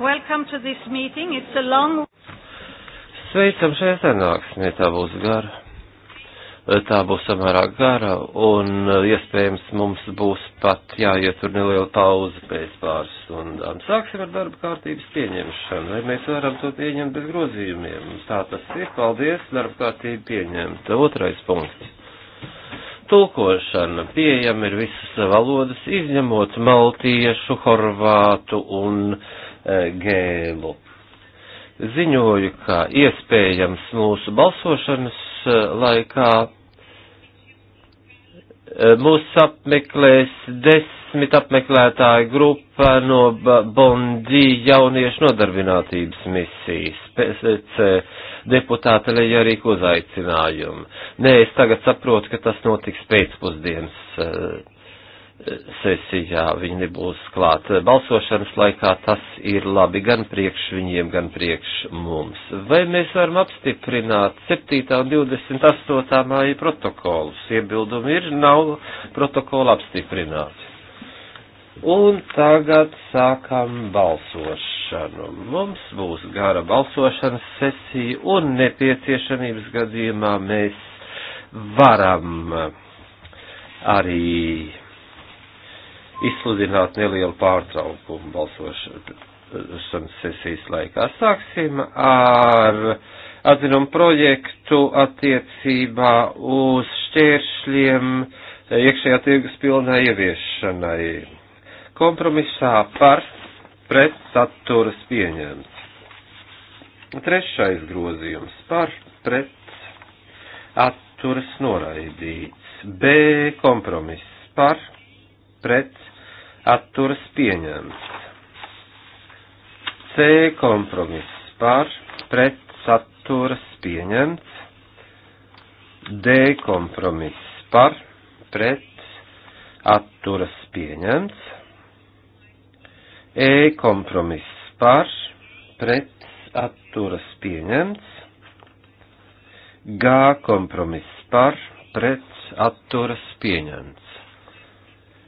Welcome to this meeting. It's a long. Sveicam šajā sanāksmē, tā būs gara. Tā būs samērā gara, un eh, iespējams mums būs pat jāietur neliela pauze pēc pāris stundām. Sāksim ar darba kārtības pieņemšanu, vai mēs varam to pieņemt bez grozījumiem. Tā tas ir, paldies, darba kārtība pieņemta. Otrais punkts. Tulkošana pieejama ir visas valodas, izņemot maltiešu, horvātu un gēlu. Ziņoju, ka iespējams mūsu balsošanas e, laikā e, mūs apmeklēs desmit apmeklētāju grupa no Bondī jauniešu nodarbinātības misijas pēc e, deputāta Lejarīku uzaicinājumu. Nē, es tagad saprotu, ka tas notiks pēcpusdienas sesijā viņi nebūs klāt balsošanas laikā, tas ir labi gan priekš viņiem, gan priekš mums. Vai mēs varam apstiprināt 7. un 28. māja protokolus? Iebildumi ir, nav protokola apstiprināti. Un tagad sākam balsošanu. Mums būs gara balsošanas sesija un nepieciešamības gadījumā mēs varam arī izsludināt nelielu pārtraukumu balsošanas sesijas laikā. Sāksim ar atzinumu projektu attiecībā uz šķēršļiem iekšējā tirgus pilnai ieviešanai. Kompromisā par pret saturas pieņemts. Trešais grozījums par pret atturas noraidīts. B kompromiss par pret atturas pieņemts. C kompromiss par pret atturas pieņemts. D kompromiss par pret atturas pieņemts. E kompromiss par pret atturas pieņemts. G kompromiss par pret atturas pieņemts.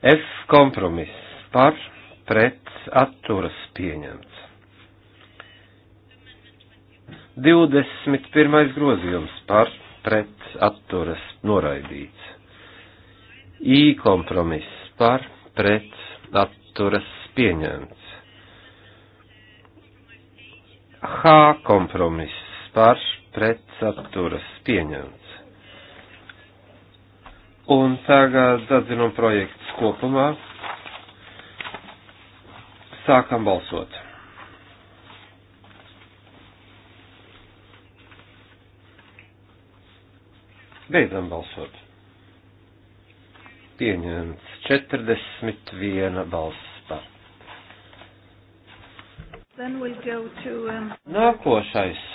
F kompromiss par pret atturas pieņemts. 21. grozījums par pret atturas noraidīts. I kompromiss par pret atturas pieņemts. H kompromiss par pret atturas pieņemts. Un tagad atzinuma projekts kopumā. Sākam balsot. Beidzam balsot. Pieņemts 41 balss par. We'll to, um... Nākošais.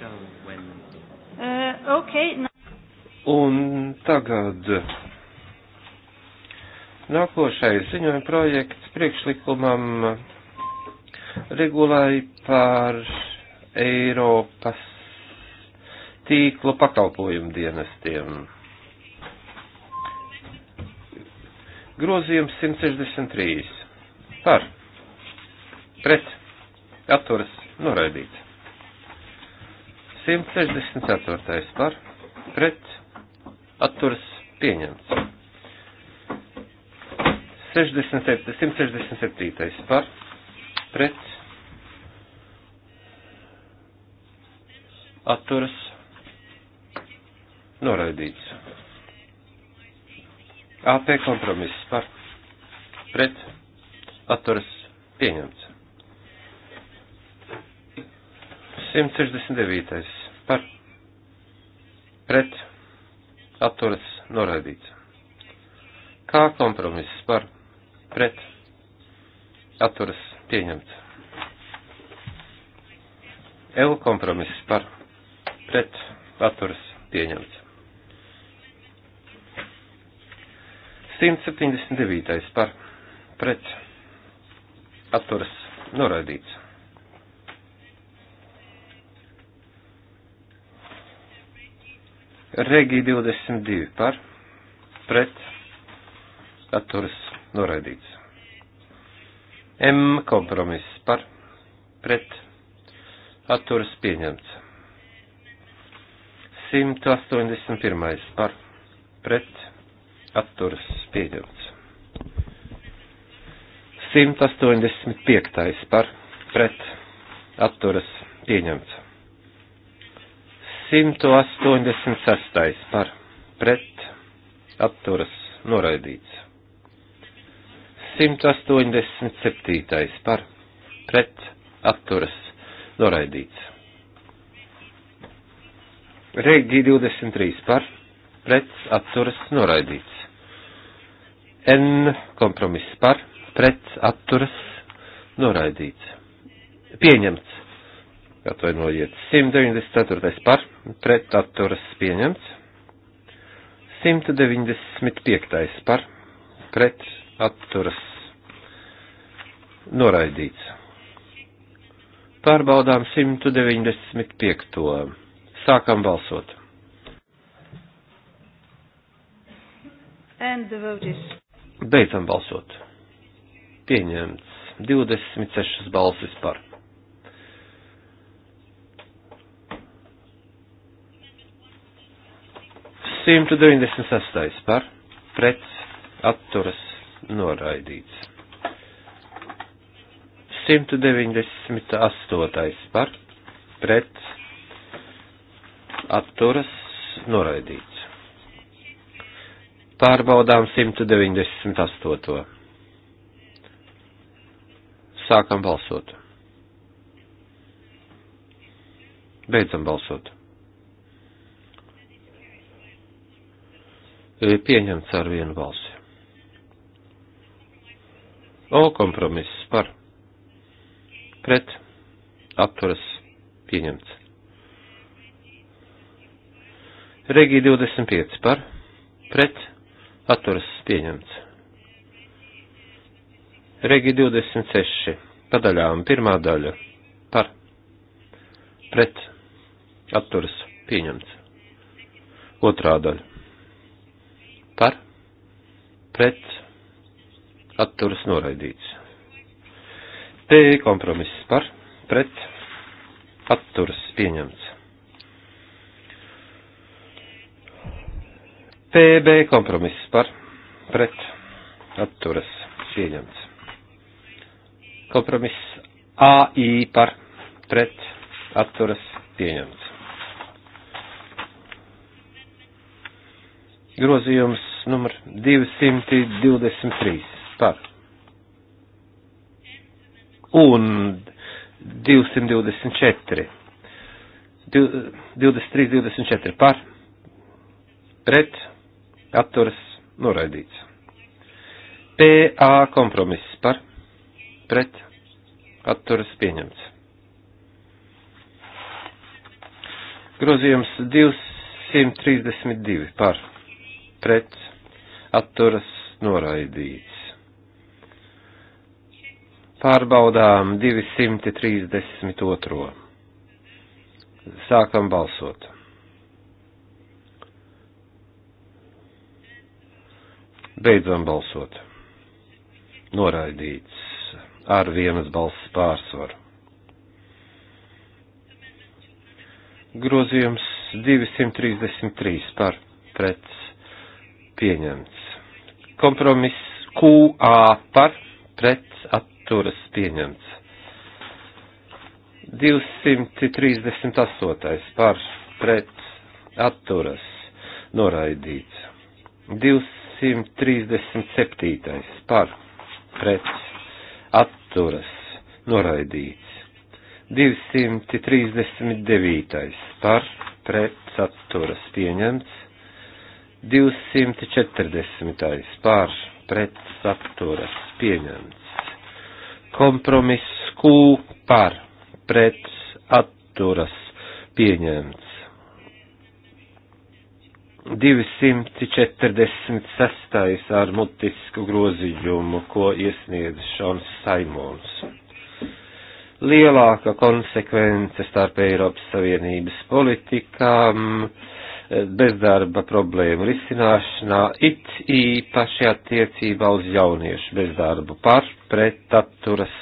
Uh, okay. Un tagad nākošais ziņojuma projekts priekšlikumam regulai par Eiropas tīklu pakalpojumu dienestiem. Grozījums 163. Par. Pret. Atturas. Noraidīts. 164. par pret atturas pieņemts. 67, 167. par pret atturas noraidīts. AP kompromiss par pret atturas pieņemts. 169. par pret atturas noraidīts. Kā kompromiss par pret atturas pieņemts. L kompromiss par pret atturas pieņemts. 179. par pret atturas noraidīts. Regija 22 par, pret, atturas noraidīts. M kompromiss par, pret, atturas pieņemts. 181 par, pret, atturas pieņemts. 185 par, pret, atturas pieņemts. 186. par pret atturas noraidīts. 187. par pret atturas noraidīts. Regi 23 par pret atturas noraidīts. N kompromiss par pret atturas noraidīts. Pieņemts. Atvainojiet. 194. par pret atturas pieņemts. 195. par pret atturas noraidīts. Pārbaudām 195. Sākam balsot. And the vote is. Beidzam balsot. Pieņemts 26 balsis par. 196. par pret atturas noraidīts. 198. par pret atturas noraidīts. Pārbaudām 198. Sākam balsot. Beidzam balsot. pieņemts ar vienu balsi. O kompromiss par pret apturas pieņemts. Regī 25 par pret atturas pieņemts. Regi 26. Padaļām pirmā daļa. Par. Pret. Atturas. Pieņemts. Otrā daļa par pret atturas noraidīts. P kompromiss par pret atturas pieņemts. PB kompromiss par pret atturas pieņemts. Kompromiss AI par pret atturas pieņemts. Grozījums numur 223 par. Un 224. 23, 24 par. Pret. Atturas noraidīts. PA kompromiss par. Pret. Atturas pieņemts. Grozījums 232 par. Pret atturas noraidīts. Pārbaudām 232. Sākam balsot. Beidzam balsot. Noraidīts ar vienas balss pārsvaru. Grozījums 233 par pret pieņemts. Kompromiss QA par pret atturas pieņemts. 238. par pret atturas noraidīts. 237. par pret atturas noraidīts. 239. par pret atturas pieņemts. 240. pār pret saturas pieņemts. Kompromiss Q par pret atturas pieņemts. 246. ar mutisku groziņumu, ko iesniedz Šons Saimons. Lielāka konsekvence starp Eiropas Savienības politikām uh, bezdarba problēmu risināšanā, it īpaši attiecībā uz jauniešu bezdarbu par pretaturas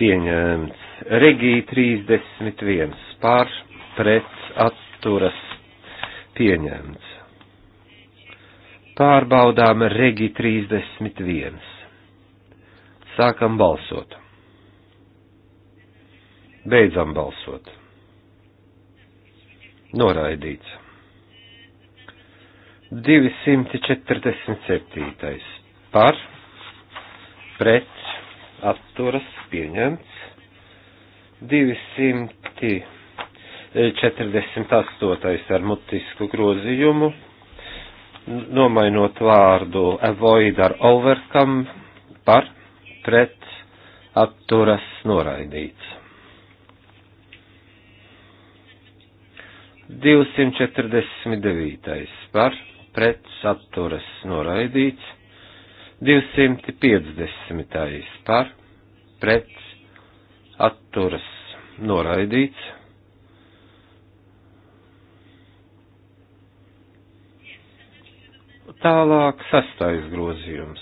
pieņēmts. Regī 31 par pretaturas pieņēmts. Pārbaudām Regi 31. Sākam balsot. Beidzam balsot. Noraidīts. 247. par, pret, atturas, pieņemts. 248. ar mutisku grozījumu, nomainot vārdu avoid ar overcome, par, pret, atturas, noraidīts. 249. par, pret saturas noraidīts, 250. par pret atturas noraidīts, tālāk sastais grozījums,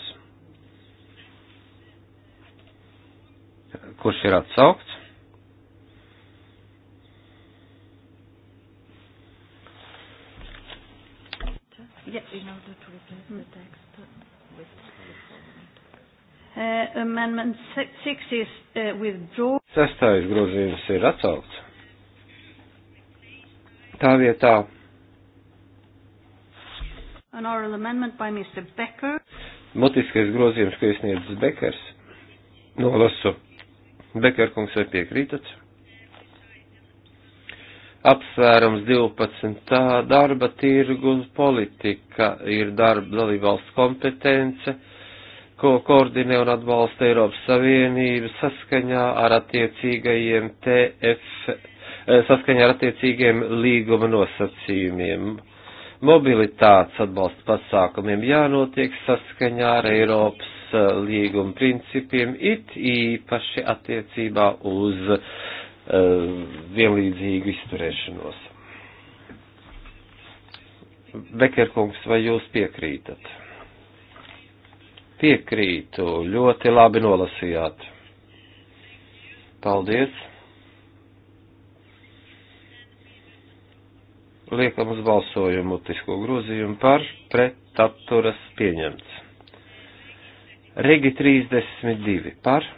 kurš ir atsaukts, Yes, in order to replace mm. the hmm. text uh, with the uh, Amendment 6 is uh, withdrawn. Sestais grozījums ir atcelts. Tā vietā. An oral amendment by Mr. Becker. Mutiskais grozījums, ko iesniedzis Bekers. Nolasu. Bekerkungs vai piekrītat? apsvērums 12. Tā darba tirgu politika ir darba dalībvalsts kompetence, ko koordinē un atbalsta Eiropas Savienība saskaņā ar attiecīgajiem TF, eh, saskaņā ar attiecīgiem līguma nosacījumiem. Mobilitātes atbalsta pasākumiem jānotiek saskaņā ar Eiropas eh, līguma principiem, it īpaši attiecībā uz uh, Uh, vienlīdzīgu izturēšanos. Bekerkungs, vai jūs piekrītat? Piekrītu, ļoti labi nolasījāt. Paldies. Liekam uz balsojumu mutisko grozījumu par pret atturas pieņemts. Regi 32 par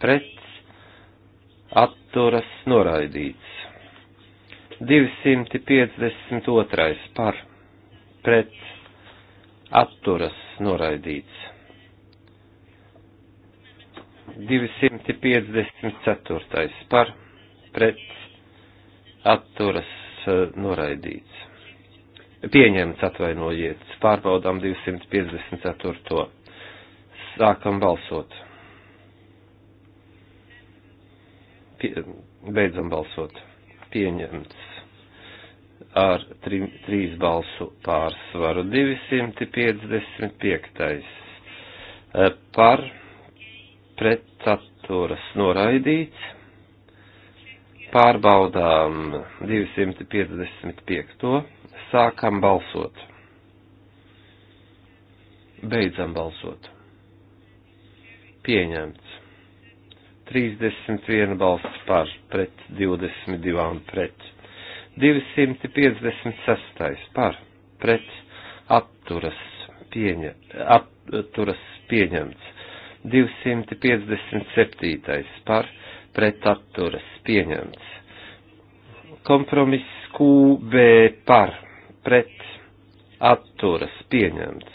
pret atturas noraidīts. 252. par pret atturas noraidīts. 254. par pret atturas eh, noraidīts. Pieņemts atvainojiet, pārbaudām 254. Sākam balsot. Pie, beidzam balsot. Pieņemts ar trim, trīs balsu pārsvaru 255. Eh, par pretaturas noraidīts. Pārbaudām 255. Sākam balsot. Beidzam balsot. Pieņemts. 31 balsts par pret 22 pret. 256 par pret apturas, pieņa, apturas pieņemts. 257 par pret apturas pieņemts. Kompromiss QB par pret apturas pieņemts.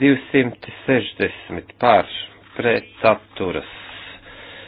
260 par pret apturas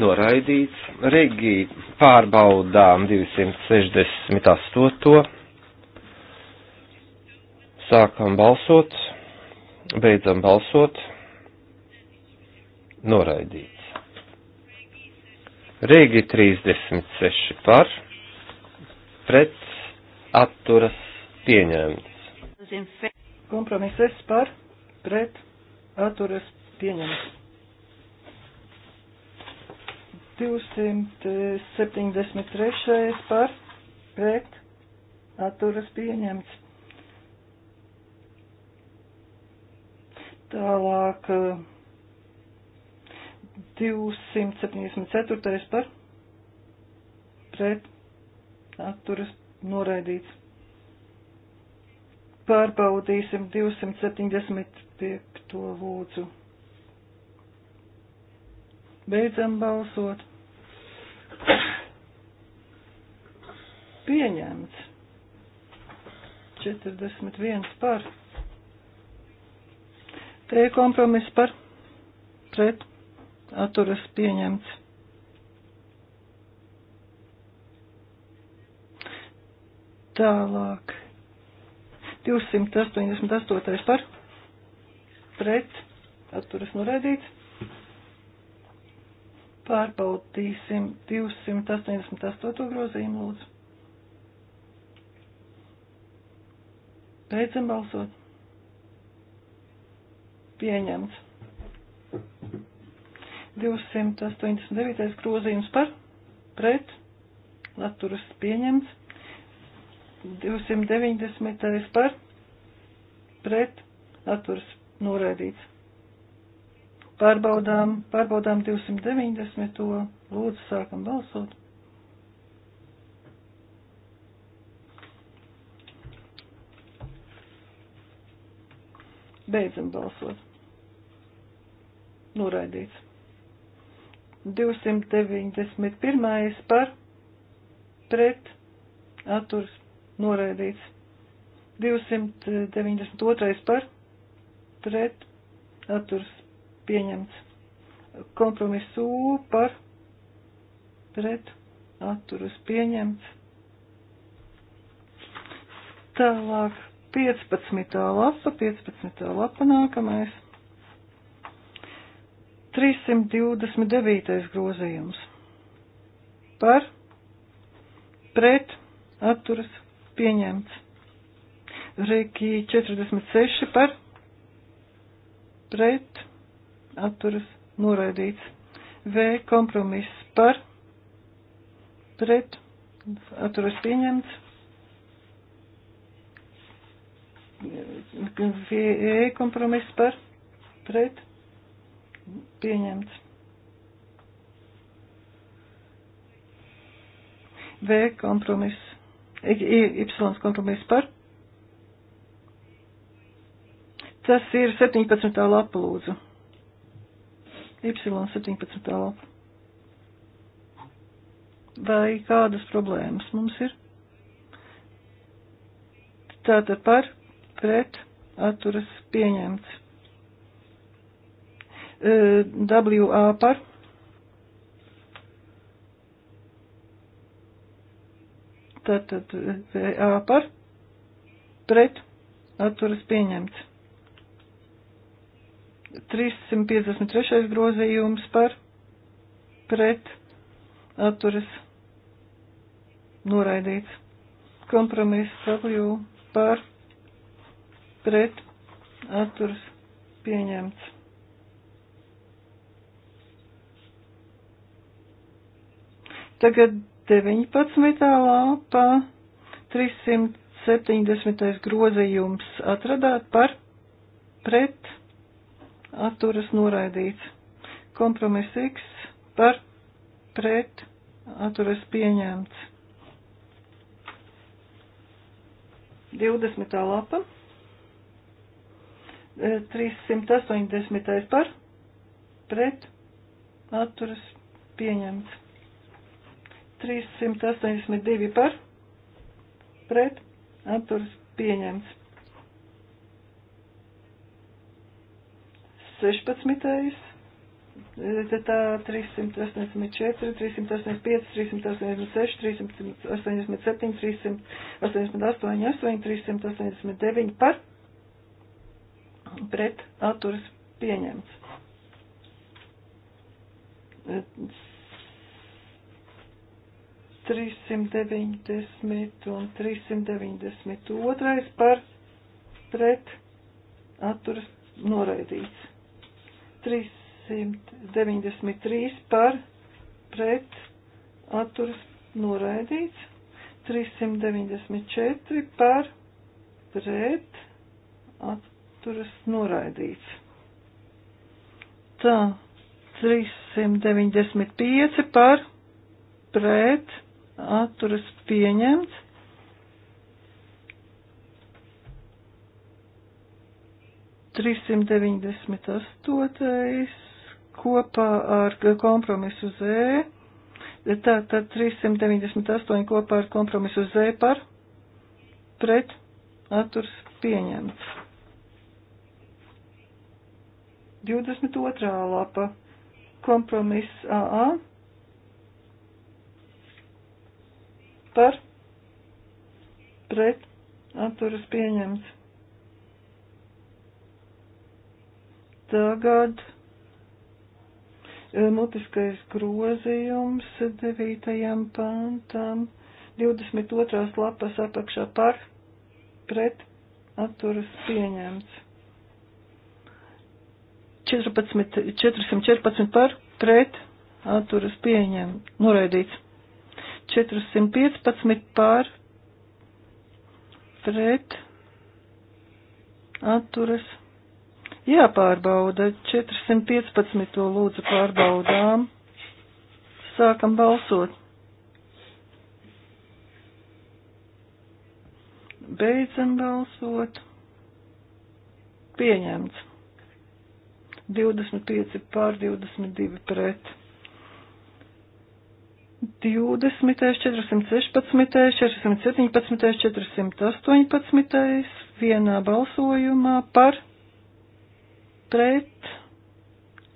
noraidīts. Regī pārbaudām 268. Sākam balsot, beidzam balsot, noraidīts. Regi 36 par, pret atturas pieņemts. Kompromiss par, pret atturas pieņemts. 273. par pret atturas pieņemts. Tālāk 274. par pret atturas noraidīts. Pārbaudīsim 275. lūdzu. Beidzam balsot. Pieņemts. 41 par. Te kompromiss par. Pret. Atturas pieņemts. Tālāk. 288 par. Pret. Atturas norēdīts. Pārbaudīsim 288. grozījumu lūdzu. Beidzam balsot. Pieņemts. 289. grozījums par, pret, atturas pieņemts. 290. par, pret, atturas noraidīts. Pārbaudām, pārbaudām 290. Lūdzu, sākam balsot. Beidzam balsot. Noraidīts. 291. par pret atturs noraidīts. 292. par pret atturs pieņemts. Kompromiss U par pret atturas pieņemts. Tālāk 15. lapa, 15. lapa nākamais. 329. grozījums par pret atturas pieņemts. Reiki 46 par pret atturas noraidīts. V kompromiss par pret atturas pieņemts. V e, kompromiss par pret pieņemts. V kompromiss, Y kompromiss par Tas ir 17. lapa lūdzu. Y17 telpa. Vai kādas problēmas mums ir? Tātad par, pret, atturas pieņemts. E, WA par. Tātad VA par, pret, atturas pieņemts. 353. grozījums par pret atturas noraidīts. Kompromiss W par pret atturas pieņemts. Tagad 19. lāpā 370. grozījums atradāt par pret atturas atturas noraidīts. Kompromiss X par pret atturas pieņemts. 20. lapa. 380. E, par pret atturas pieņemts. 382 par pret atturas pieņemts. 16. Tā 384, 385, 386, 387, 388, 8, 389 par pret atturas pieņemts. 390 un 392 par pret atturas noraidīts. 393 par pret atturas noraidīts, 394 par pret atturas noraidīts. Tā, 395 par pret atturas pieņemts, 398. kopā ar kompromisu Z. Tātad 398 kopā ar kompromisu Z par pret atturs pieņemts. 22. lapa kompromiss AA par pret atturas pieņemts. Tagad eh, mutiskais grozījums 9. pantam 22. lapas apakšā par pret atturas pieņemts. 14, 414 par pret atturas pieņem, noraidīts. 415 par pret atturas pieņemts Jāpārbauda 415. lūdzu pārbaudām. Sākam balsot. Beidzam balsot. Pieņemts. 25 pār 22 pret. 20, 416, 417, 418 vienā balsojumā par pret,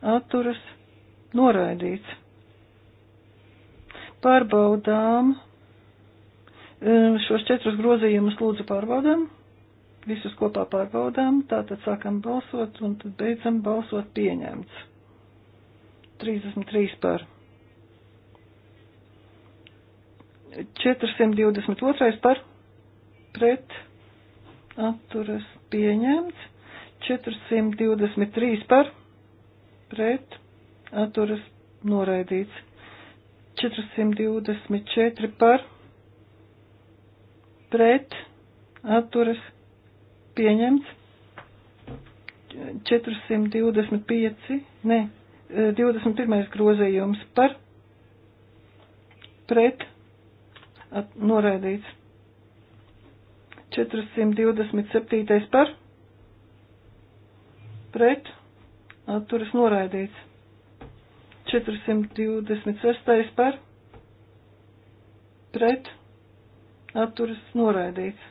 atturas, noraidīts. Pārbaudām e, šos četrus grozījumus lūdzu pārbaudām, visus kopā pārbaudām, tātad sākam balsot un tad beidzam balsot pieņemts. 33 par. 422 par pret atturas pieņemts. 423 par pret atturas noraidīts. 424 par pret atturas pieņemts. 425, ne, 21. E, grozījums par pret at, noraidīts. 427. par pret atturas noraidīts. 426. par pret atturas noraidīts.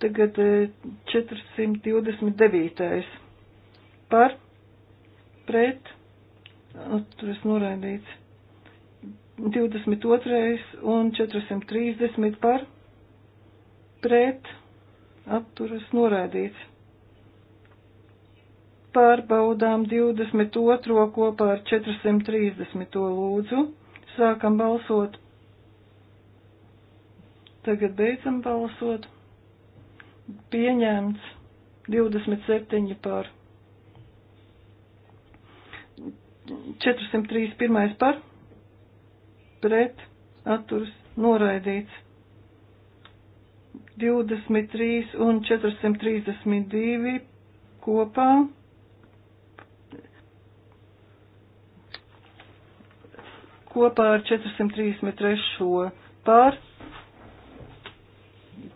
Tagad 429. Eh, par pret atturas noraidīts. 22. un 430 par pret atturas noraidīts. Pārbaudām 22. kopā ar 430. lūdzu. Sākam balsot. Tagad beidzam balsot. Pieņemts 27 par 403 pirmais par pret atturas noraidīts. 23 un 432 kopā. Kopā ar 433 pār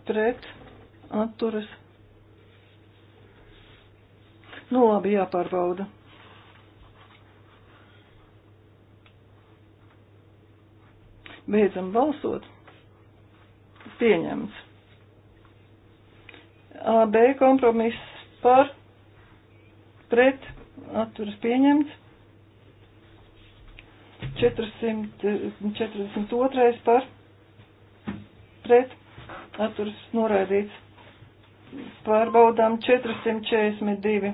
pret atturas. Nu labi, jāpārbauda. Beidzam balsot. Pieņemts. AB kompromiss par pret atturas pieņemts. 442 par pret atturas noraidīts. Pārbaudām 442.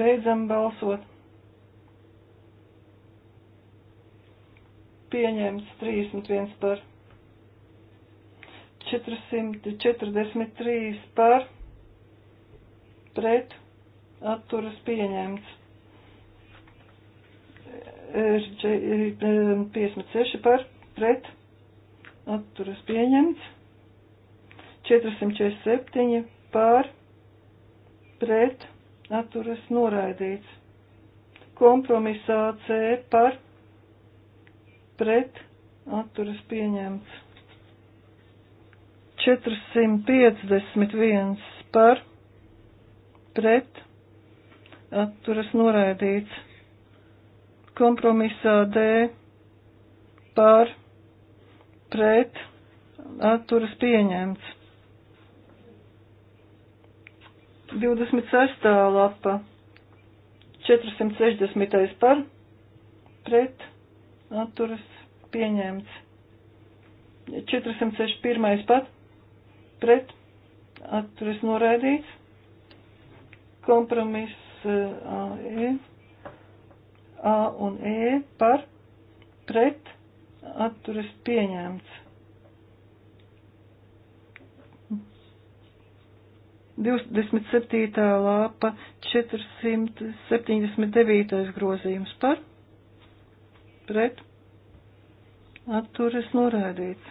Beidzam balsot. Pieņemts 31 par pret 443 par pret atturas pieņemts. 56 par pret atturas pieņemts. 447 par pret atturas noraidīts. Kompromisā C par pret atturas pieņemts. 451 par pret atturas noraidīts. Kompromisā D par pret atturas pieņemts. 26. lapa 460. par pret atturas pieņemts. 461. pat pret atturas noraidīts. Kompromiss eh, AE, A un E par pret atturas pieņemts. 27. lāpa 479. grozījums par pret atturas norādīts.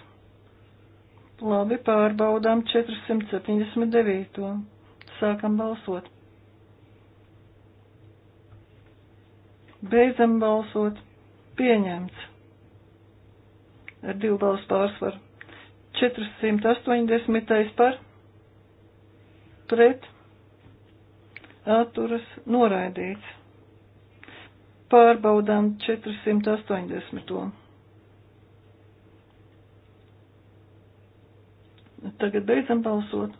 Labi, pārbaudām 479. Sākam balsot. Beidzam balsot. Pieņemts. Ar divu balsu pārsvaru. 480. par. Pret. Atturas noraidīts. Pārbaudām 480. Tagad beidzam balsot.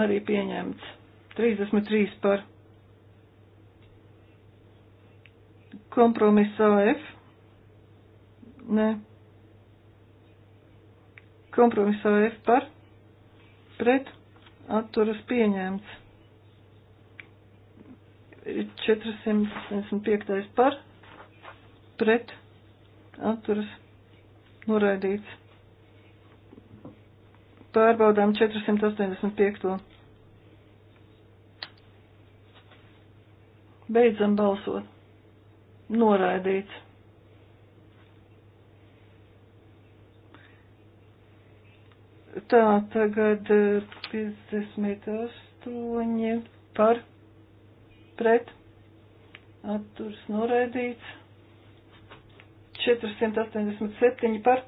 Arī pieņemts. 33 par. Kompromiss AF. Nē. Kompromiss AF par. Pret. Atturas pieņemts. 475 par. Pret. Atturas noraidīts pārbaudām 485. Beidzam balsot. Noraidīts. Tā, tagad 58 eh, par pret atturs noraidīts. 487 par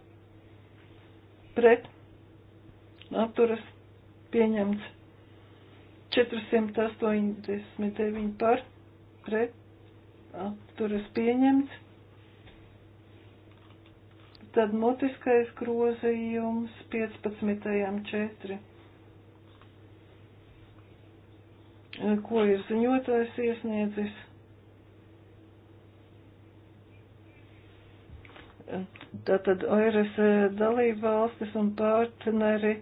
pret apturas pieņemts 489 par pret apturas pieņemts. Tad mutiskais grozījums 15.4. Ko ir ziņotājs iesniedzis? Tātad ORS dalība valstis un partneri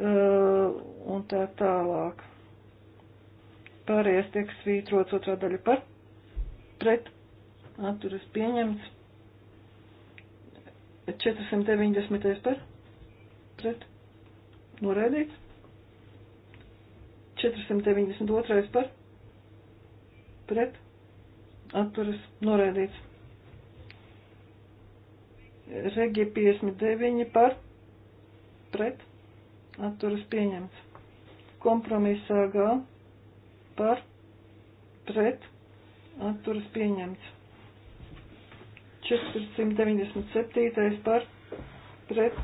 Uh, un tā tālāk. Pārējais tiek svītrots otrā daļa par, pret, atturas pieņemts. 490 par, pret, noraidīts. 492 par, pret, atturas, noraidīts. Regi 59 par, pret, atturas pieņemts. Kompromiss AG par pret atturas pieņemts. 497. par pret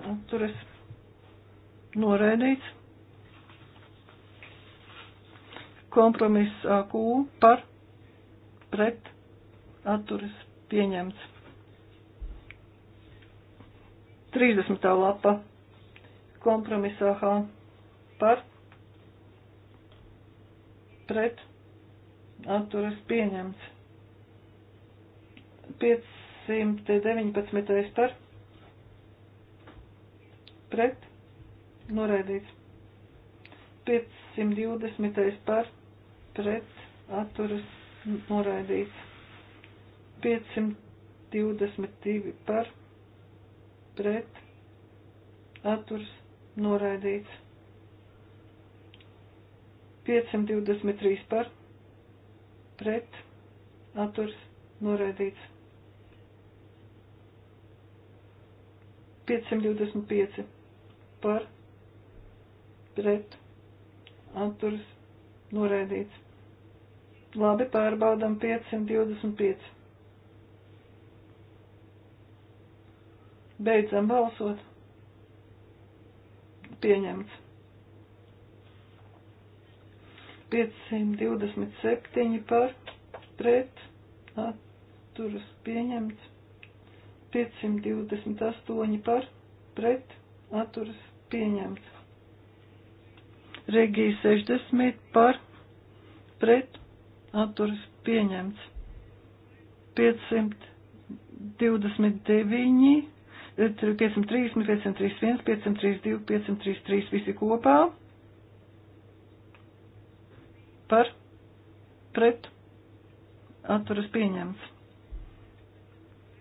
atturas noraidīts. Kompromiss AQ par pret atturas pieņemts. 30. lapa kompromisu H par pret atturas pieņemts. 519. par pret noraidīts. 520. par pret atturas noraidīts. 522 par pret atturas noraidīts. 523 par, pret, atturs, noraidīts. 525 par, pret, atturs, noraidīts. Labi, pārbaudam 525. Beidzam balsot pieņemts. 527 par pret atturas pieņemts. 528 par pret atturas pieņemts. Regija 60 par pret atturas pieņemts. 529 530, 531, 532, 533 visi kopā par pret atturas pieņemts.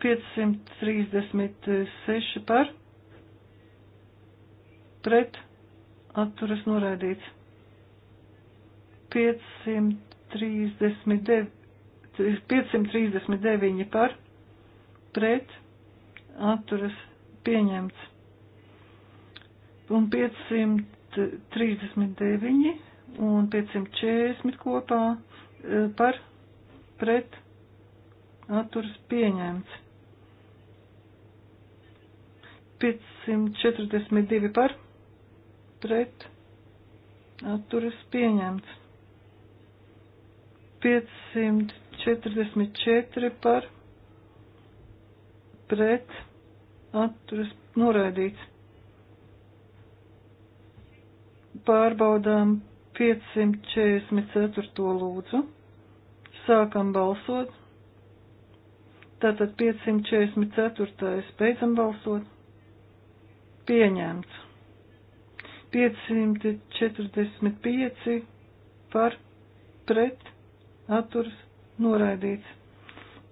536 par pret atturas noraidīts. 539, 539 par pret atturas pieņemts. Un 539 un 540 kopā e, par pret atturas pieņemts. 542 par pret atturas pieņemts. 544 par pret atturas noraidīts. Pārbaudām 544. lūdzu. Sākam balsot. Tātad 544. beidzam balsot. Pieņemts. 545 par pret atturs noraidīts.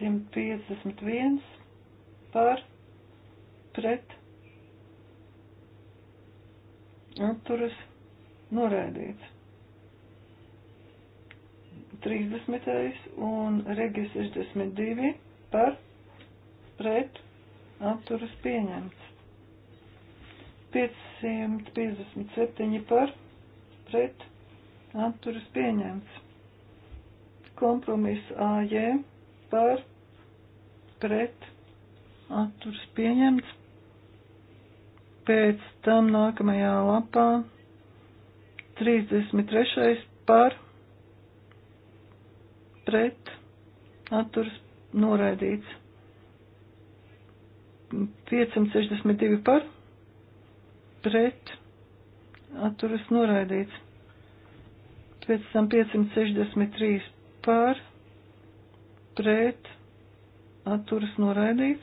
151 par pret atturas norēdīts. 30. un regi 62 par pret atturas pieņemts. 557 par pret atturas pieņemts. Kompromiss AJ par pret atturs pieņemts. Pēc tam nākamajā lapā 33. par pret atturs noraidīts. 562 par pret atturas noraidīts. Pēc tam 563 par pret atturas noraidīts.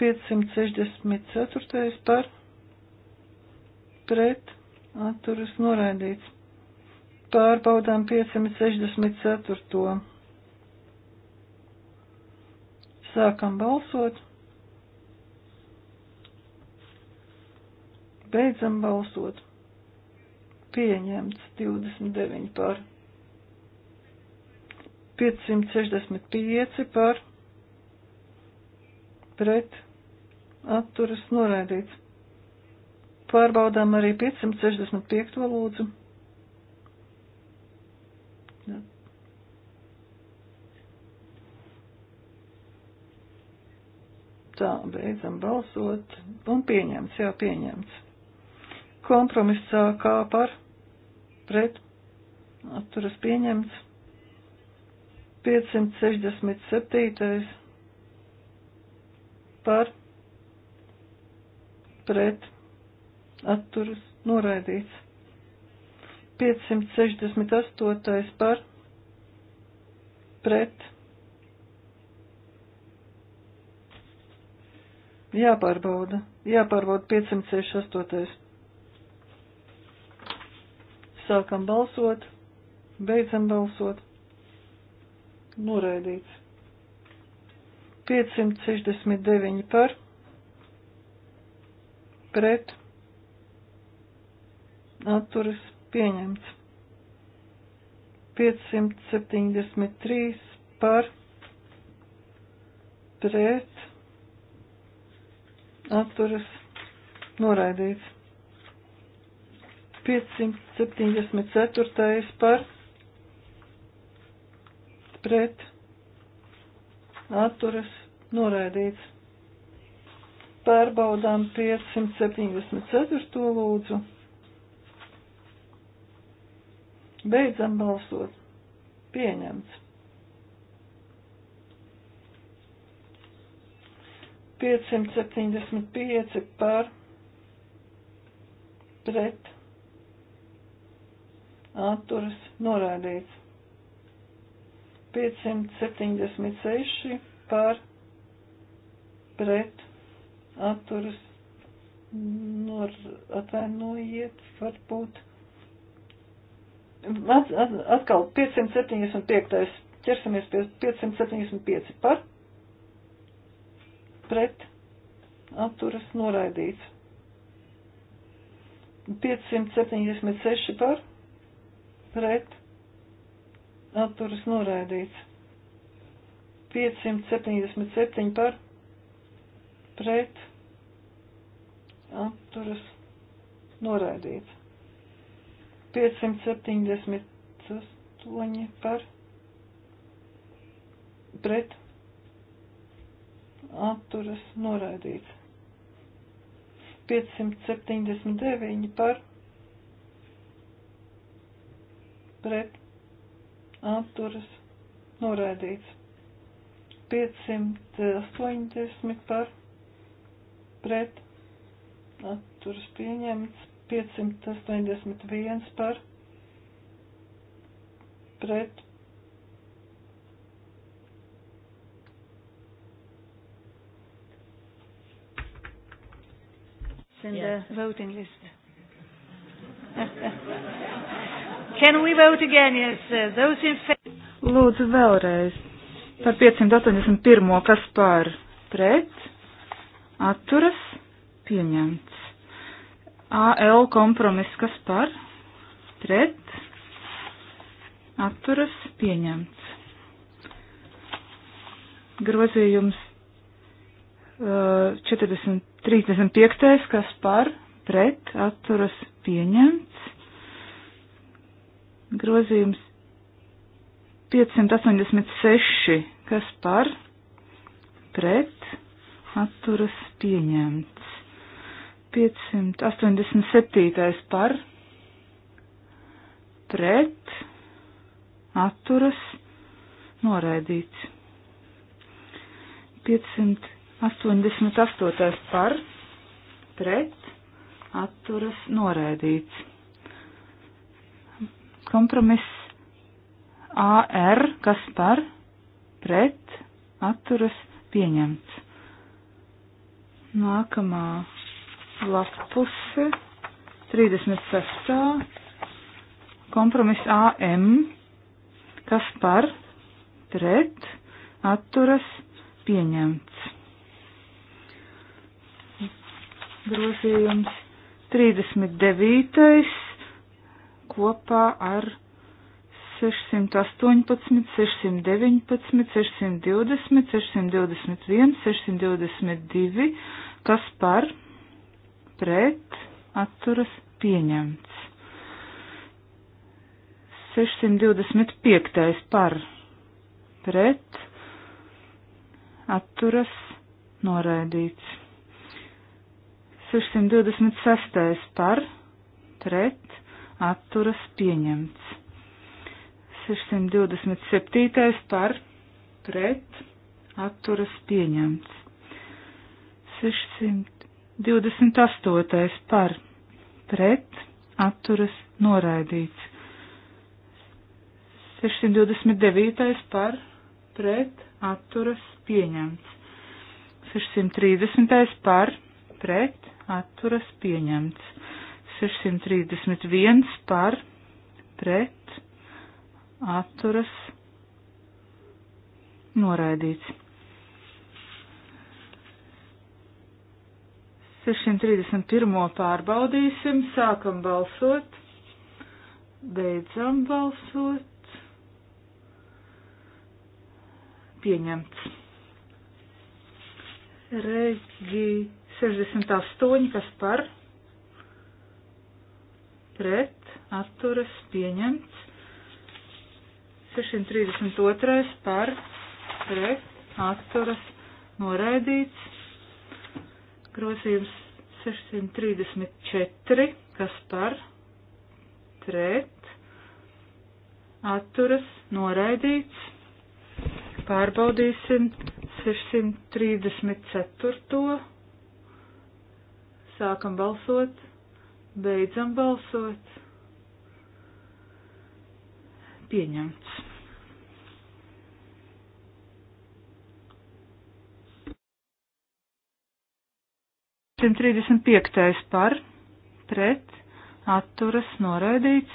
564. par pret atturas noraidīts. Pārbaudām 564. Sākam balsot. Beidzam balsot. Pieņemts 29 par 565 par pret atturas noraidīts. Pārbaudām arī 565 lūdzu. Ja. Tā, beidzam balsot. Un pieņemts, jā, pieņemts. Kompromiss kā par pret atturas pieņemts. 567. par pret atturas noraidīts. 568. par pret jāpārbauda. Jāpārbauda 568. Sākam balsot, beidzam balsot noraidīts. 569 par, pret, atturas pieņemts. 573 par, pret, atturas noraidīts. 574 par, pret atturas noraidīts. Pārbaudām 574. lūdzu. Beidzam balsot. Pieņemts. 575 par pret atturas norādīts. 576 par pret atturas nor, atvainojiet, varbūt. At, at, atkal 575. ķersimies pie 575 par pret atturas noraidīts. 576 par pret atturas noraidīts. 577 par pret atturas noraidīts. 578 par pret atturas noraidīts. 579 par pret atturas noraidīts. 580 par pret atturas pieņemts. 581 par pret in yeah. the voting list. Can we vote again? Yes, uh, those in favor. Lūdzu vēlreiz. Par 581. kas par pret? Atturas? Pieņemts. AL kompromiss kas par? Pret? Atturas? Pieņemts. Grozījums uh, 40, 35. kas par? Pret? Atturas? Pieņemts. Grozījums 586, kas par, pret, atturas pieņemts. 587. par, pret, atturas noraidīts. 588. par, pret, atturas noraidīts. Kompromiss AR, kas par, pret, atturas, pieņemts. Nākamā lapuse, 36. Kompromiss AM, kas par, pret, atturas, pieņemts. Grozījums 39 kopā ar 618, 619, 620, 621, 622, kas par pret atturas pieņemts. 625. par pret atturas noraidīts. 626. par pret atturas pieņemts. 627. par pret atturas pieņemts. 628. par pret atturas noraidīts. 629. par pret atturas pieņemts. 630. par pret atturas pieņemts. 631 par pret atturas noraidīts. 631. pārbaudīsim, sākam balsot, beidzam balsot, pieņemts. Regi 68, kas par? pret, atturas, pieņemts. 632 par, pret, atturas, noraidīts. Grozījums 634, kas par, pret, atturas, noraidīts. Pārbaudīsim 634. Sākam balsot. Beidzam balsot. Pieņemts. Simt trīsdesmit piektais par, pret, atturas, noraidīts.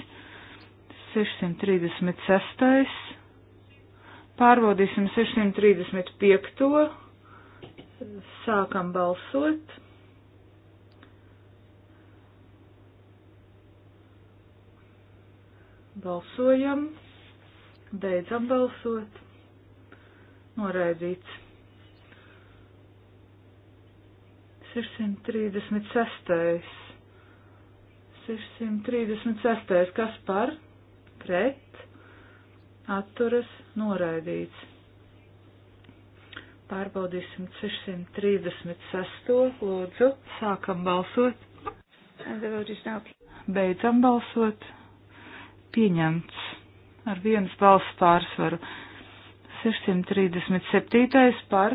636. Pārbaudīsim 635. Sākam balsot. Balsojam, beidzam balsot, noraidīts. 636. 636. Kas par? Pret. Atturas noraidīts. Pārbaudīsim 636. Lūdzu, sākam balsot. Beidzam balsot. Pieņemts ar vienas balss pārsvaru. 637. par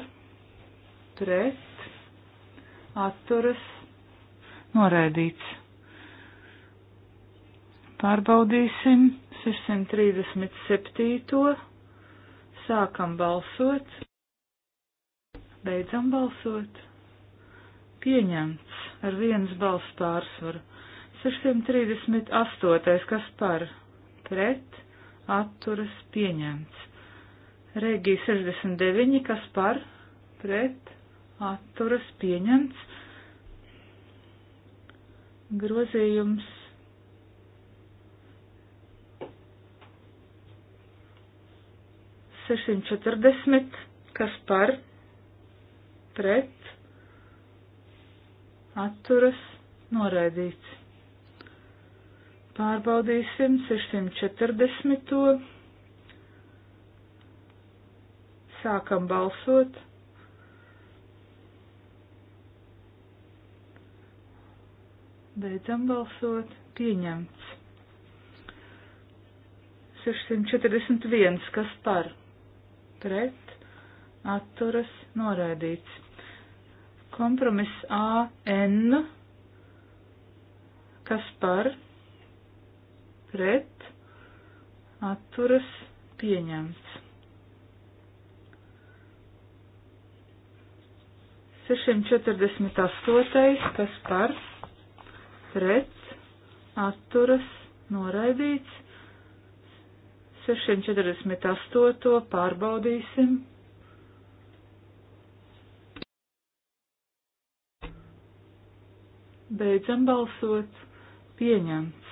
pret atturas noraidīts. Pārbaudīsim 637. Sākam balsot. Beidzam balsot. Pieņemts ar vienas balss pārsvaru. 638. kas par? pret, atturas pieņemts. Regija 69, kas par, pret, atturas pieņemts. Grozījums. Sešsimt četrdesmit, kas par, pret, atturas, noraidīts. Pārbaudīsim 640. Sākam balsot. Beidzam balsot. Pieņemts. 641. Kas par? Pret. Atturas. Noraidīts. Kompromiss AN. Kas par? pret, atturas, pieņemts. 648. kas par, pret, atturas, noraidīts. 648. pārbaudīsim. Beidzam balsot. Pieņemts.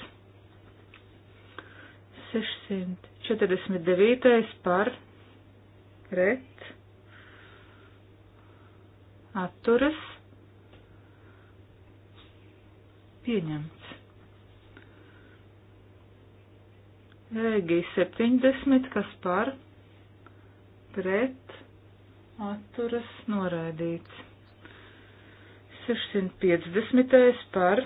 649. par pret atturas pieņemts. Rēgija 70, kas par pret atturas noraidīts. 650. par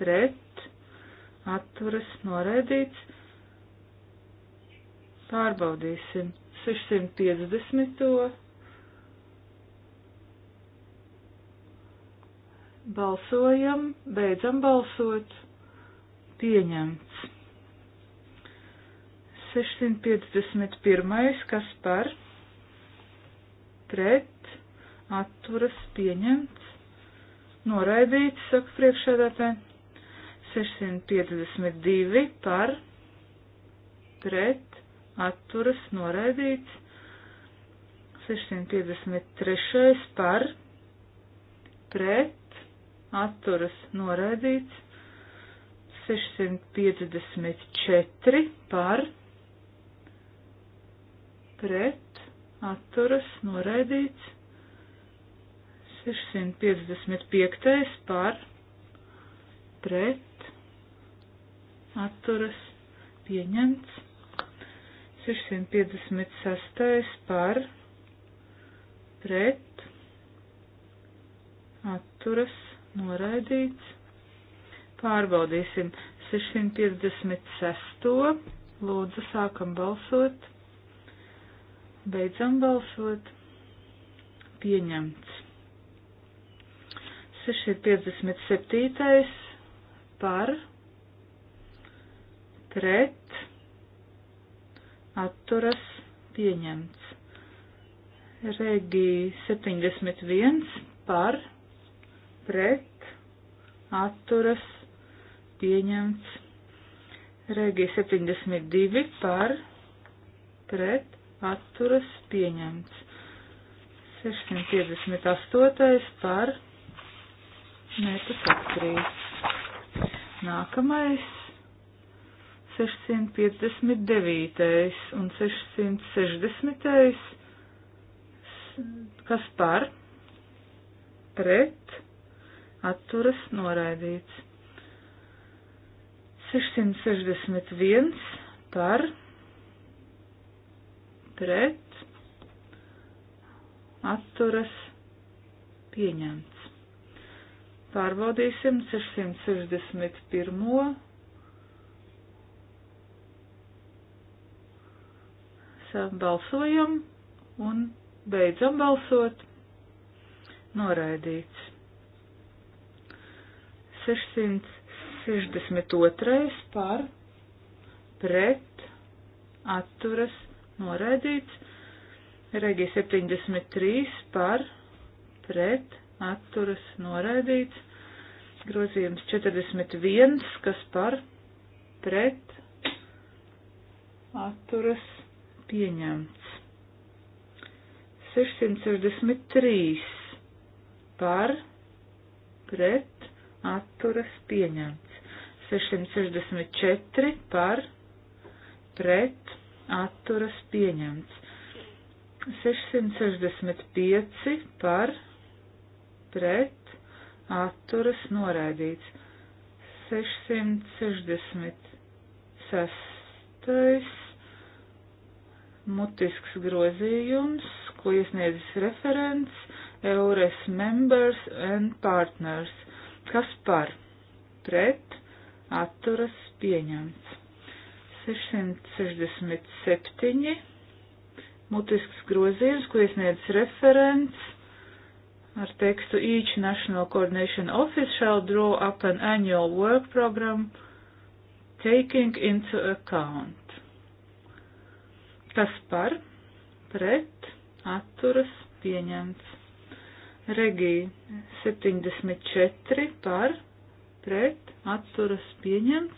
pret atturas noraidīts. Pārbaudīsim 650. Balsojam, beidzam balsot. Pieņemts. 651. kas par? Pret. Atturas pieņemts. Noraidīts, saka priekšsēdētāji. 652 par pret atturas noraidīts. 653 par pret atturas noraidīts. 654 par pret atturas noraidīts. 655 par pret atturas pieņemts. 656. par pret atturas noraidīts. Pārbaudīsim 656. Lūdzu, sākam balsot. Beidzam balsot. Pieņemts. 657. par pret pret, atturas, pieņemts. Regi 71 par, pret, atturas, pieņemts. Regi 72 par, pret, atturas, pieņemts. 658 par, ne, tas atkrīt. Nākamais 659. un 660. Kas par? Pret. Atturas noraidīts. 661 par pret atturas pieņemts. Pārbaudīsim 661. Eh, balsojam un beidzam balsot. Noraidīts. 662 par pret atturas noraidīts. Regi 73 par pret atturas noraidīts. Grozījums 41, kas par pret atturas pieņemts. 663 par, pret, atturas pieņemts. 664 par, pret, atturas pieņemts. 665 par, pret, atturas noraidīts. 666 mutisks grozījums, ko iesniedzis referents Eures Members and Partners. Kas par? Pret atturas pieņemts. 667. Mutisks grozījums, ko iesniedzis referents ar tekstu Each National Coordination Office shall draw up an annual work program taking into account Kas par? Pret. Atturas. Pieņemts. Regī 74 par. Pret. Atturas. Pieņemts.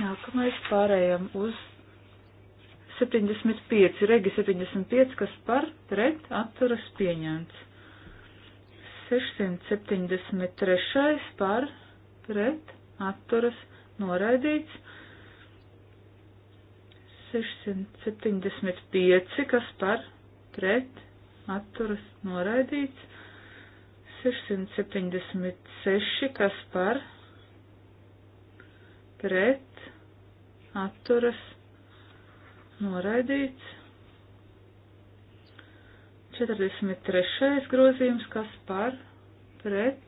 Nākamais pārējām uz 75, regi 75, kas par pret atturas pieņemts. 673 par pret atturas noraidīts, 675, kas par pret atturas noraidīts, 676, kas par pret atturas noraidīts, 43. grozījums, kas par pret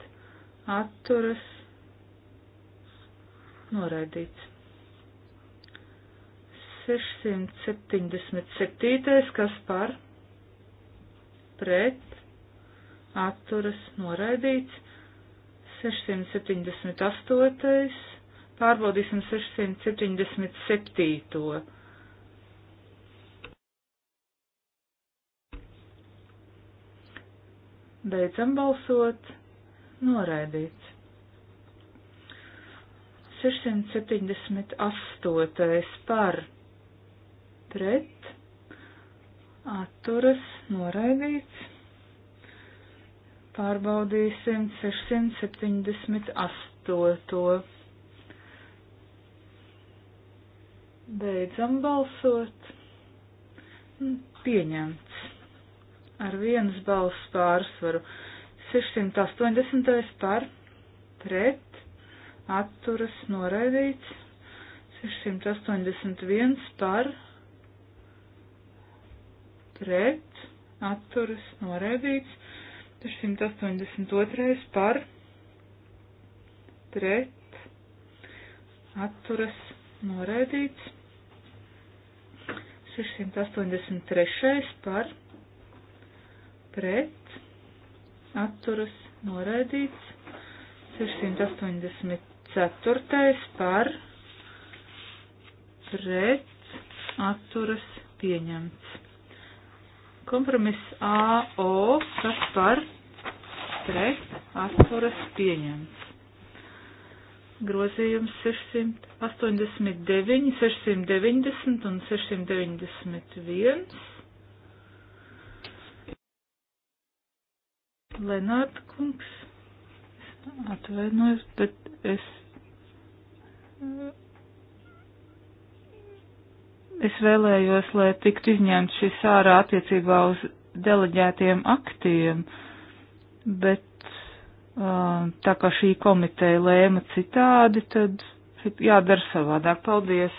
atturas noraidīts. 677. kas par pret atturas noraidīts. 678. pārbaudīsim 677. Beidzam balsot. Noraidīts. 678. par pret, atturas, noraidīts. Pārbaudīsim 678. Beidzam balsot. Pieņemts. Ar vienas balss pārsvaru. 680. par pret atturas noraidīts. 681 par pret, atturas, noraidīts. 182. par, pret, atturas, noraidīts. 683. par, pret, atturas, noraidīts. 684. par, pret, atturas, pieņemts. Kompromiss AO, kas par pret atturas pieņemts. Grozījums 689, 690 un 691. Lenārta kungs, atvainojos, bet es Es vēlējos, lai tiktu izņemts šis ārā attiecībā uz deleģētiem aktiem, bet uh, tā kā šī komiteja lēma citādi, tad jādara savādāk. Paldies!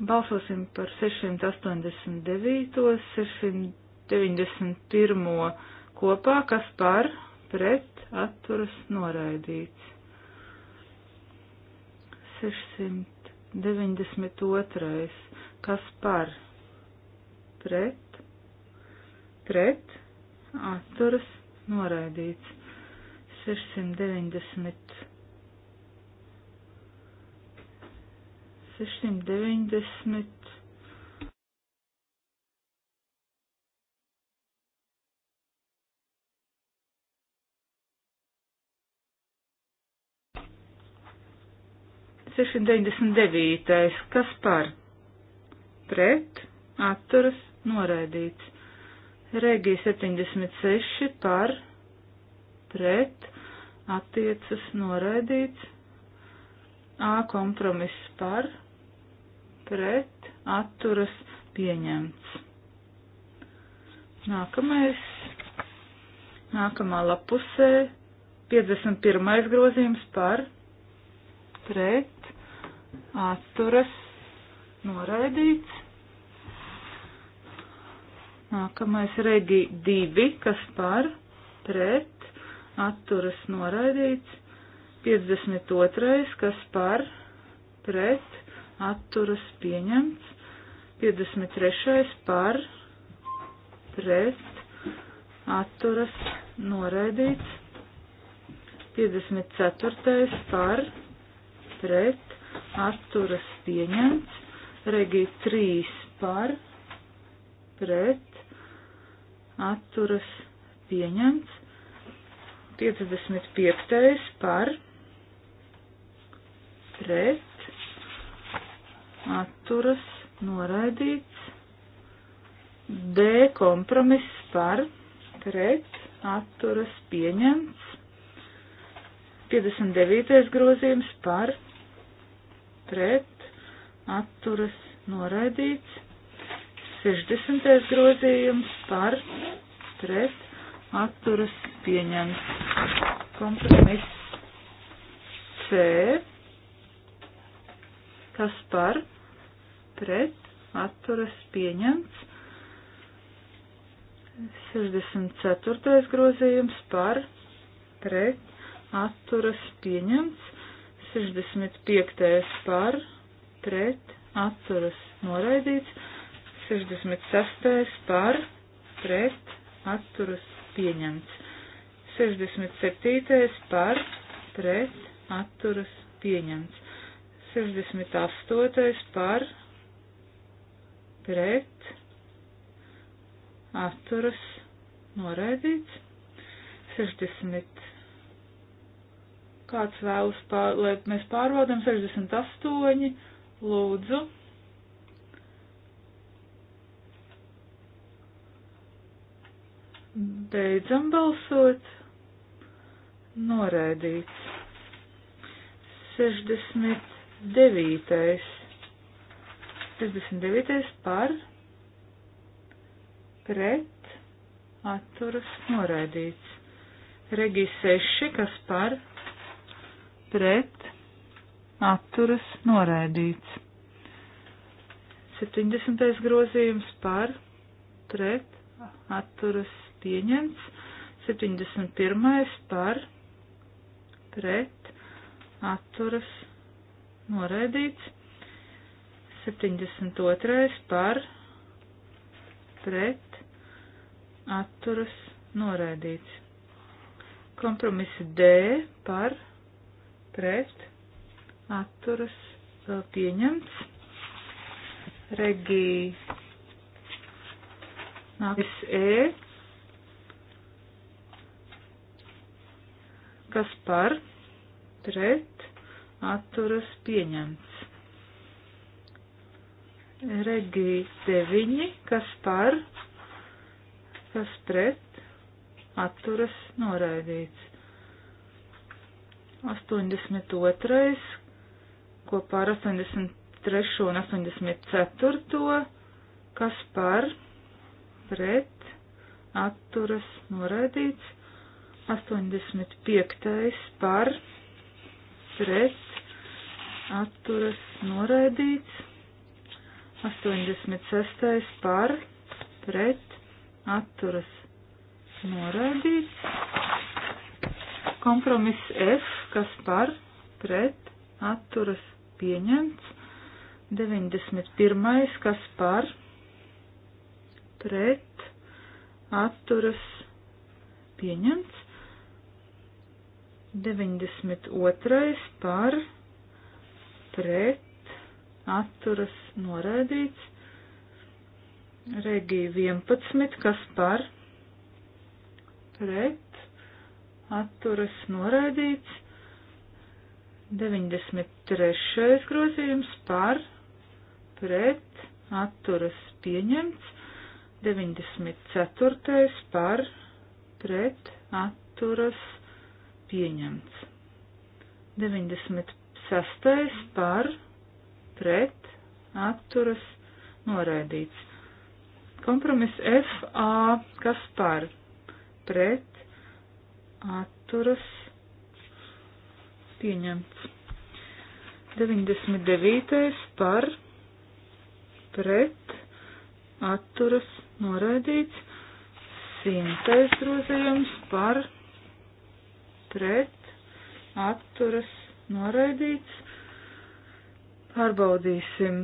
Balsosim par 689, 691 kopā, kas par pret atturas noraidīts. 692 kas par pret, pret, atturas, noraidīts. 690, 690, Seši deviņdesmit devītais, kas par pret, atturas, noraidīts. Regija 76 par, pret, attiecas, noraidīts. A kompromiss par, pret, atturas, pieņemts. Nākamais, nākamā lapusē, 51. grozījums par, pret, atturas, noraidīts. Nākamais regi divi, kas par, pret, atturas noraidīts. 52. kas par, pret, atturas pieņemts. 53. par, pret, atturas noraidīts. 54. par, pret, atturas pieņemts. Regi 3 par, pret, atturas pieņemts. 55. par pret atturas noraidīts. D kompromiss par pret atturas pieņemts. 59. grozījums par pret atturas noraidīts. 60. grozījums par pret atturas pieņemts. Kompromiss C. Kas par pret atturas pieņemts. 64. grozījums par pret atturas pieņemts. 65. par pret atturas noraidīts. 66. par pret atturas pieņemts. 67. par pret atturas pieņemts. 68. par pret atturas noraidīts. 60. Kāds vēlas, pār, lai mēs pārbaudām 68. Lūdzu. Beidzam balsot. Noraidīts. 69. 69. par pret atturas noraidīts. Regi 6, kas par pret atturas noraidīts. 70. grozījums par pret atturas pieņemts. 71. par pret atturas noraidīts. 72. par pret atturas noraidīts. Kompromisi D par pret atturas pieņemts. Regī nākamais E kas par, pret, atturas pieņemts. Regi 9, kas par, kas pret, atturas noraidīts. 82. kopā ar 83. un 84. kas par, pret, atturas noraidīts. 85. par pret atturas noraidīts. 86. par pret atturas noraidīts. Kompromiss F, kas par pret atturas pieņemts. 91. kas par pret atturas pieņemts. 92. par pret atturas noraidīts. Regī 11. kas par pret atturas noraidīts. 93. grozījums par pret atturas pieņemts. 94. par pret atturas noraidīts pieņemts. 96. par pret atturas noraidīts. Kompromis FA, kas par pret atturas pieņemts. 99. par pret atturas noraidīts. Simtais grozījums par pret pret, atturas, noraidīts. Pārbaudīsim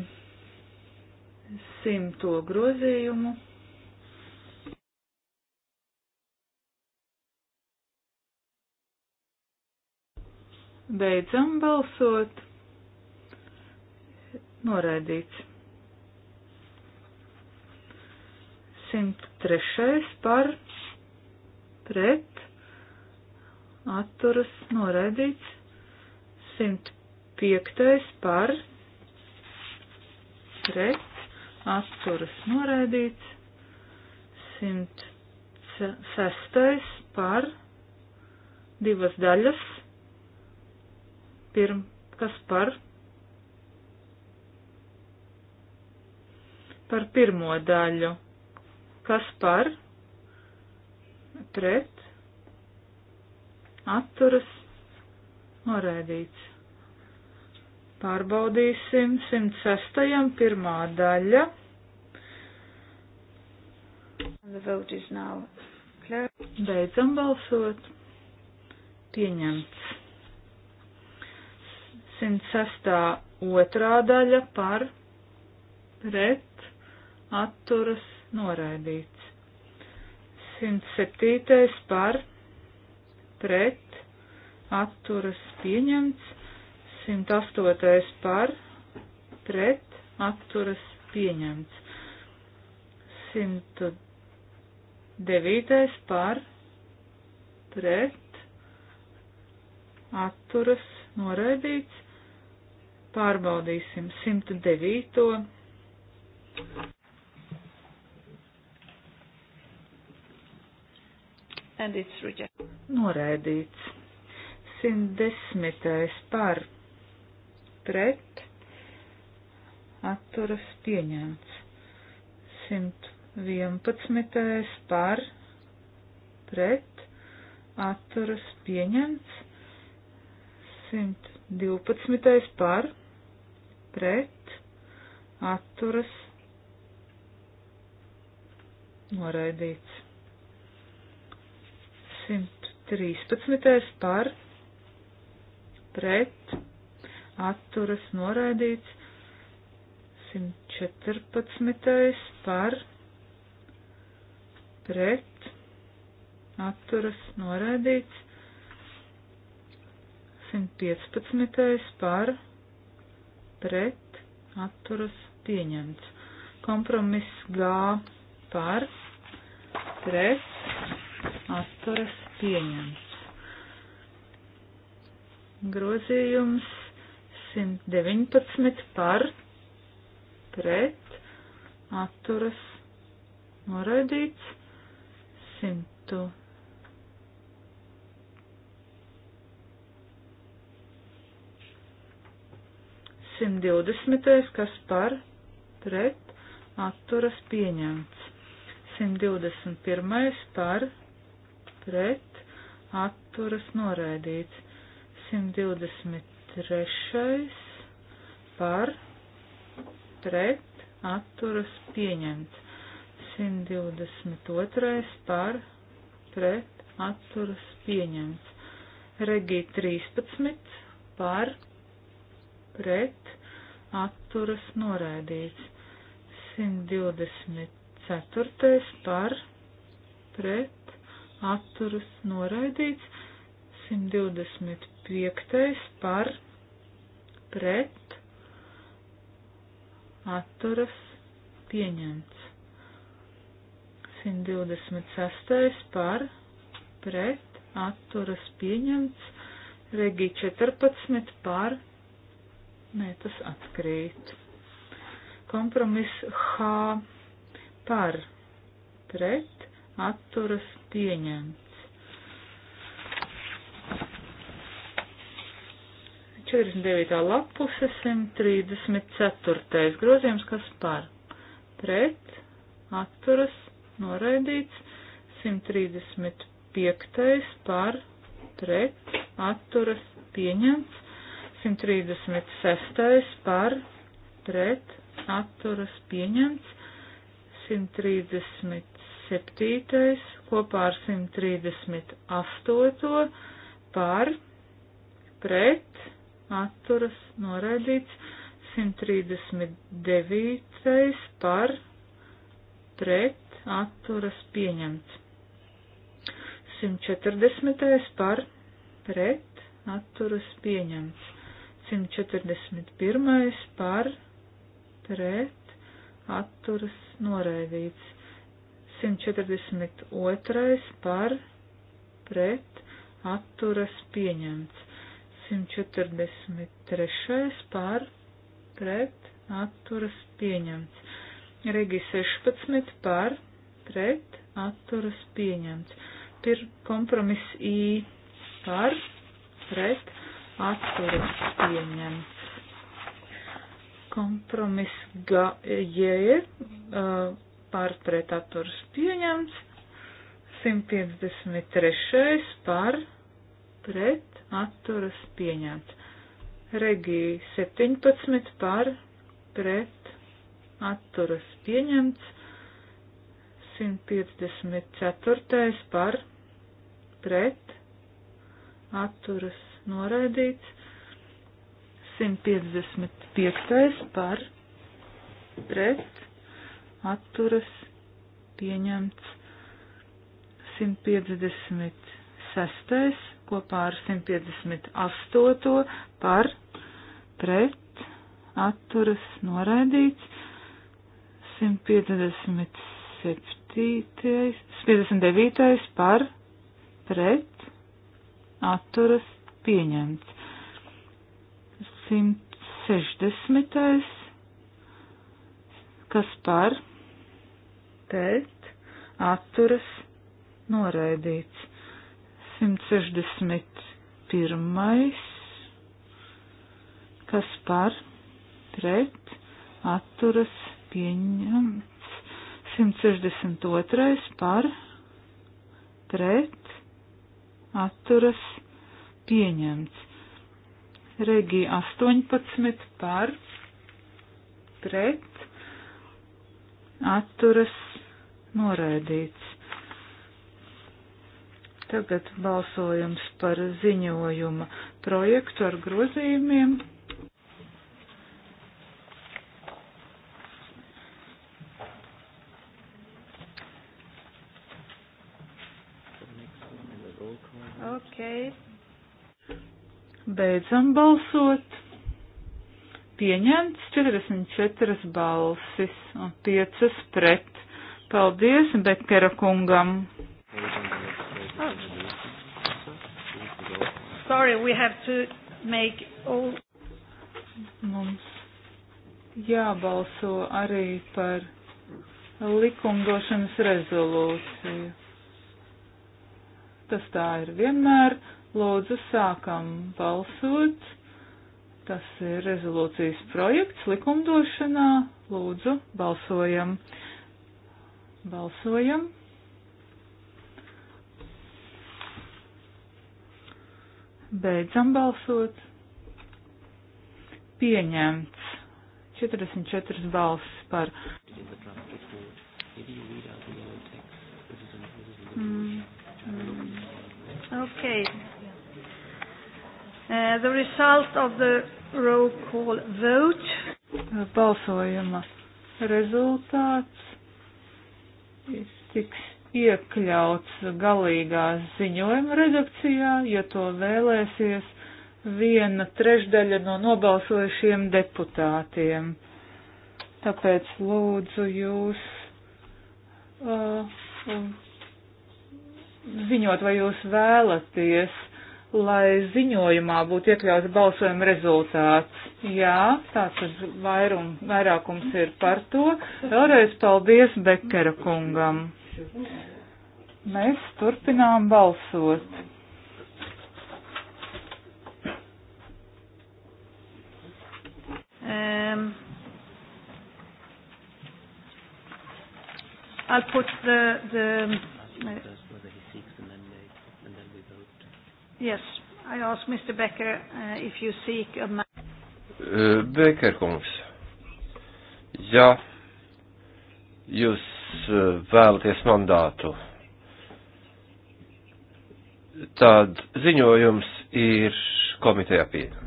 simto grozījumu. Beidzam balsot. Noraidīts. 103. par pret atturas noraidīts. 105. par pret atturas noraidīts. 106. par divas daļas. Pirm, kas par? Par pirmo daļu. Kas par? Pret atturas noraidīts. Pārbaudīsim 106. pirmā daļa. Beidzam balsot. Pieņemts. 106. otrā daļa par pret atturas noraidīts. 107. par pret pret atturas pieņemts, 108. par pret atturas pieņemts, 109. par pret atturas noraidīts, pārbaudīsim 109. and it's rejected. Noraidīts. 110. par pret atturas pieņemts. 111. par pret atturas pieņemts. 112. par pret atturas noraidīts. 113. par pret atturas noraidīts, 114. par pret atturas noraidīts, 115. par pret atturas pieņemts. Kompromiss G par pret atturas pieņemts. Grozījums 119 par pret atturas noraidīts 100. Simt divdesmitais, kas par pret atturas pieņemts. 121. par pret atturas noraidīts. 123. par pret atturas pieņemts. 122. par pret atturas pieņemts. Regī 13 par pret atturas noraidīts. 124. par pret atturas noraidīts, 125. par pret atturas pieņemts, 126. par pret atturas pieņemts, Regī 14 par, nē, tas atkrīt. Kompromiss H par pret atturas pieņemts. 49. lapuse 134. grozījums, kas par pret atturas noraidīts, 135. par pret atturas pieņemts, 136. par pret atturas pieņemts, 130 137. kopā ar 138. par pret atturas noraidīts, 139. par pret atturas pieņemts, 140. par pret atturas pieņemts, 141. par pret atturas noraidīts. 142 par pret atturas pieņemts. 143 par pret atturas pieņemts. Regi 16 par pret atturas pieņemts. Pir kompromiss I par pret atturas pieņemts. Kompromiss G, J, uh, par pretaturas pieņemts, 153. par pretaturas pieņemts, Regī 17 par pretaturas pieņemts, 154. par pret atturas noraidīts, 155. par pret atturas pieņemts 156. kopā ar 158. par pret atturas noraidīts 157. 59. par pret atturas pieņemts 160. kas par pret pret atturas noraidīts. 161. Kas par pret atturas pieņemts. 162. par pret atturas pieņemts. Regī 18 par pret atturas Noraidīts. Tagad balsojums par ziņojuma projektu ar grozījumiem. Okay. Beidzam balsot. Pieņemts 44 balsis un 5 pret. Paldies Bekera kungam. Sorry, we have to make all. Mums jābalso arī par likumdošanas rezolūciju. Tas tā ir vienmēr. Lūdzu, sākam balsot. Tas ir rezolūcijas projekts likumdošanā. Lūdzu, balsojam. Balsojam. Beidzam balsot. Pieņemts 44 balsis par. Mm. Mm. Okay. Uh, the result of the roll call vote. Balsojuma rezultāts tiks iekļauts galīgās ziņojuma redakcijā, ja to vēlēsies viena trešdaļa no nobalsojušiem deputātiem. Tāpēc lūdzu jūs uh, ziņot, vai jūs vēlaties lai ziņojumā būtu iekļauts balsojuma rezultāts. Jā, tātad vairum, vairākums ir par to. Vēlreiz paldies Bekera kungam. Mēs turpinām balsot. Um, I'll put the, the Yes, I ask Mr. Becker uh, if you seek a uh, Becker kungs, ja jūs uh, vēlaties mandātu, tad ziņojums ir komitejā pieņemts.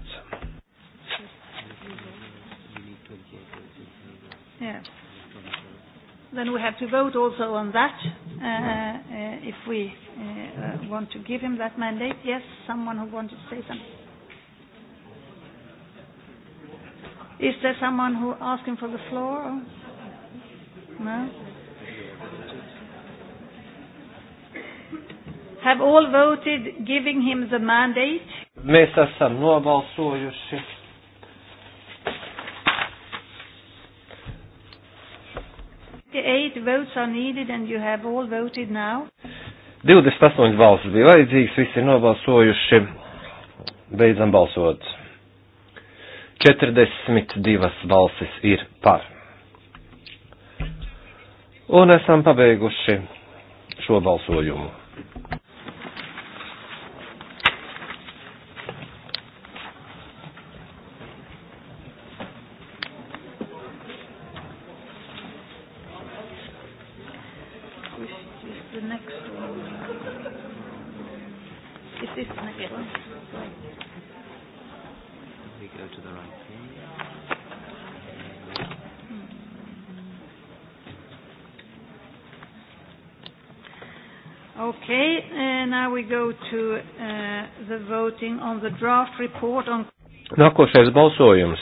then we have to vote also on that, uh, uh, if we uh, want to give him that mandate. Yes, someone who wanted to say something. Is there someone who asking for the floor? No? Have all voted giving him the mandate? Mēs esam nobalsojuši 28 votes are needed and you have all voted now. 28 balsis bija vajadzīgs, visi ir nobalsojuši. Beidzam balsot. 42 balsis ir par. Un esam pabeiguši šo balsojumu. On... Nākošais balsojums.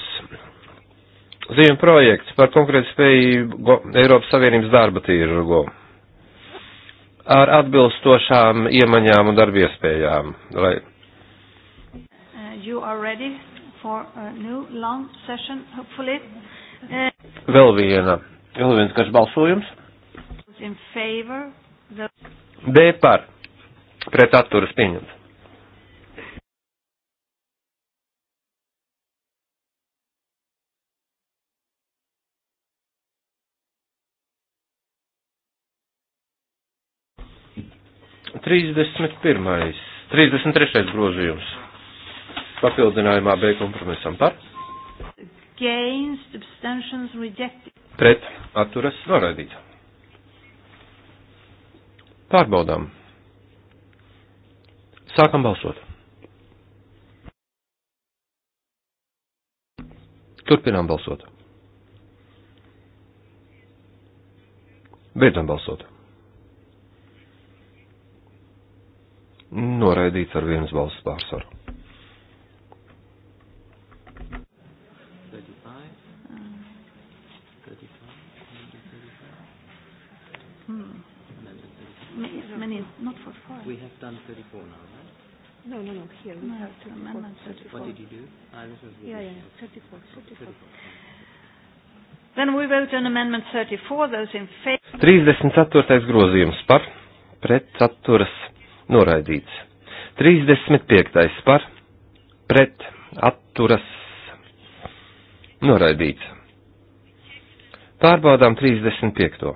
Ziņu projekts par konkrētu spēju Eiropas Savienības darba tirgu ar atbilstošām iemaņām un darbiespējām. Lai... Uh, session, uh... Vēl viena, vēl viens garš balsojums. Favor, the... B par pret atturas pieņemts. 31. 33. grozījums. Papildinājumā B kompromisam par. Against abstentions rejected. Pret atturas noraidīts. Pārbaudām. Sākam balsot. Turpinām balsot. Beidzam balsot. noraidīts ar vienas balsts pārsvaru. Hmm. We have done 34 now, right? No, no, no. Here we no, have to amend 34. What did you do? Ah, this is yeah, yeah, 34, 34. 34. Then we vote on amendment 34. Those in favor. 34. grozījums par pret saturas noraidīts. 35. par, pret, atturas, noraidīts. Pārbaudām 35.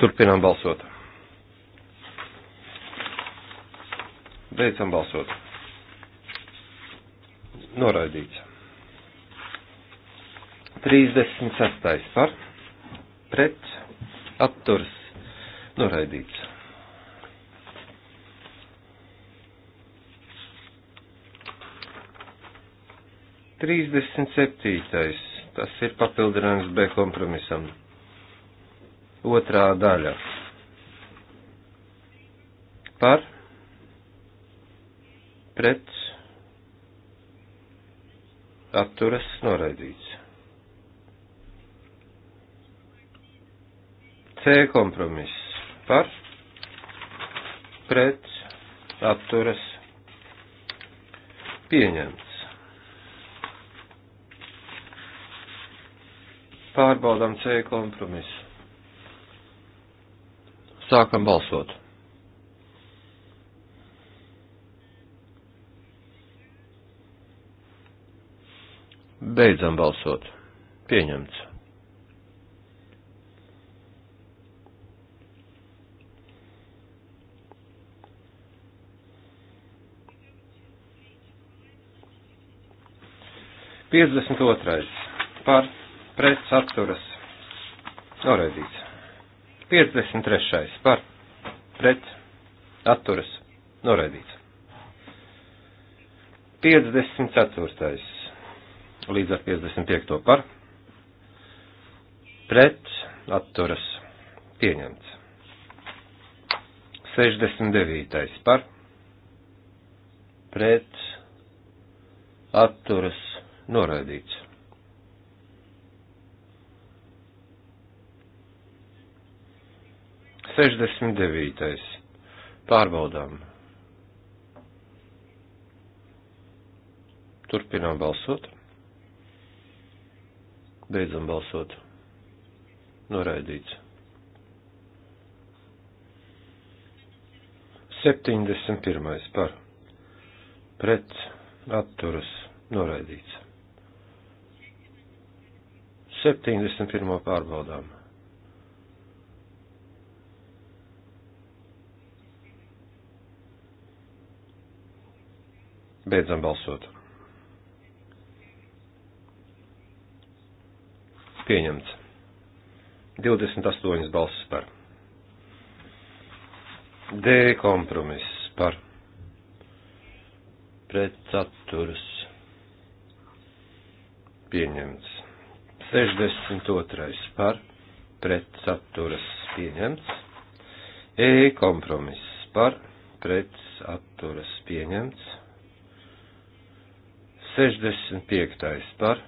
Turpinām balsot. Beidzam balsot. Noraidīts. 36. par, pret, atturs noraidīts. Trīsdesmit septītais, tas ir papildinājums B kompromisam. Otrā daļa. Par, pret, atturas noraidīts. C kompromiss par pret atturas pieņemts. Pārbaudām C kompromisu. Sākam balsot. Beidzam balsot. Pieņemts. 52. par pret atturas noraidīts. 53. par pret atturas noraidīts. 54. līdz ar 55. par pret atturas pieņemts. 69. par pret atturas noraidīts. Sešdesmit devītais. Pārbaudām. Turpinām balsot. Beidzam balsot. Noraidīts. 71. par pret atturas noraidīts. 71. pārbaudām. Beidzam balsot. Pieņemts. 28 balsis par. D kompromiss par. Pret saturs. Pieņemts. 62. par pret saturas pieņemts. E kompromiss par pret saturas pieņemts. 65. par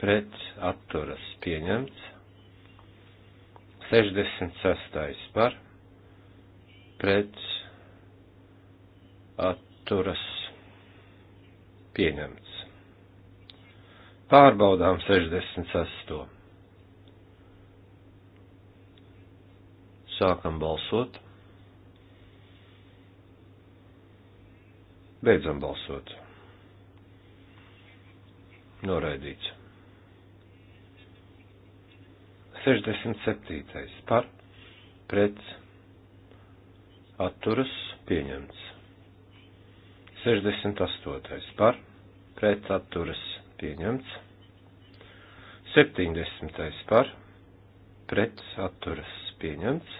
pret atturas pieņemts. 66. par pret atturas pieņemts pārbaudām 68. Sākam balsot. Beidzam balsot. Noraidīts. 67. par pret atturas pieņemts. 68. par pret atturas pieņemts. 70. par pret atturas pieņemts.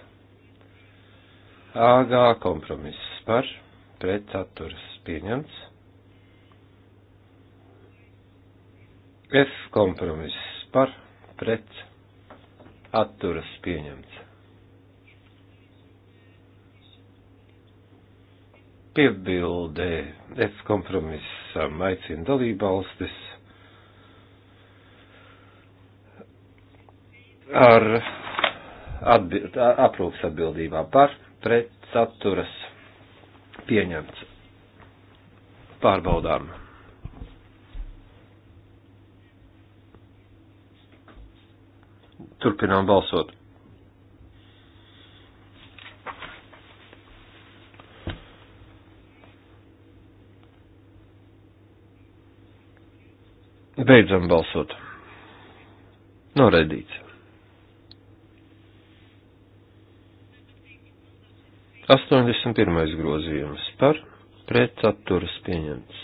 AG kompromiss par pret atturas pieņemts. F kompromiss par pret atturas pieņemts. 5 piebildē F kompromisam aicina dalībvalstis ar atbild, aprūpas atbildībām par pret saturas pieņemts pārbaudām. Turpinām balsot. Beidzam balsot. Noraidīts. 81. grozījums par pret atturas pieņemts.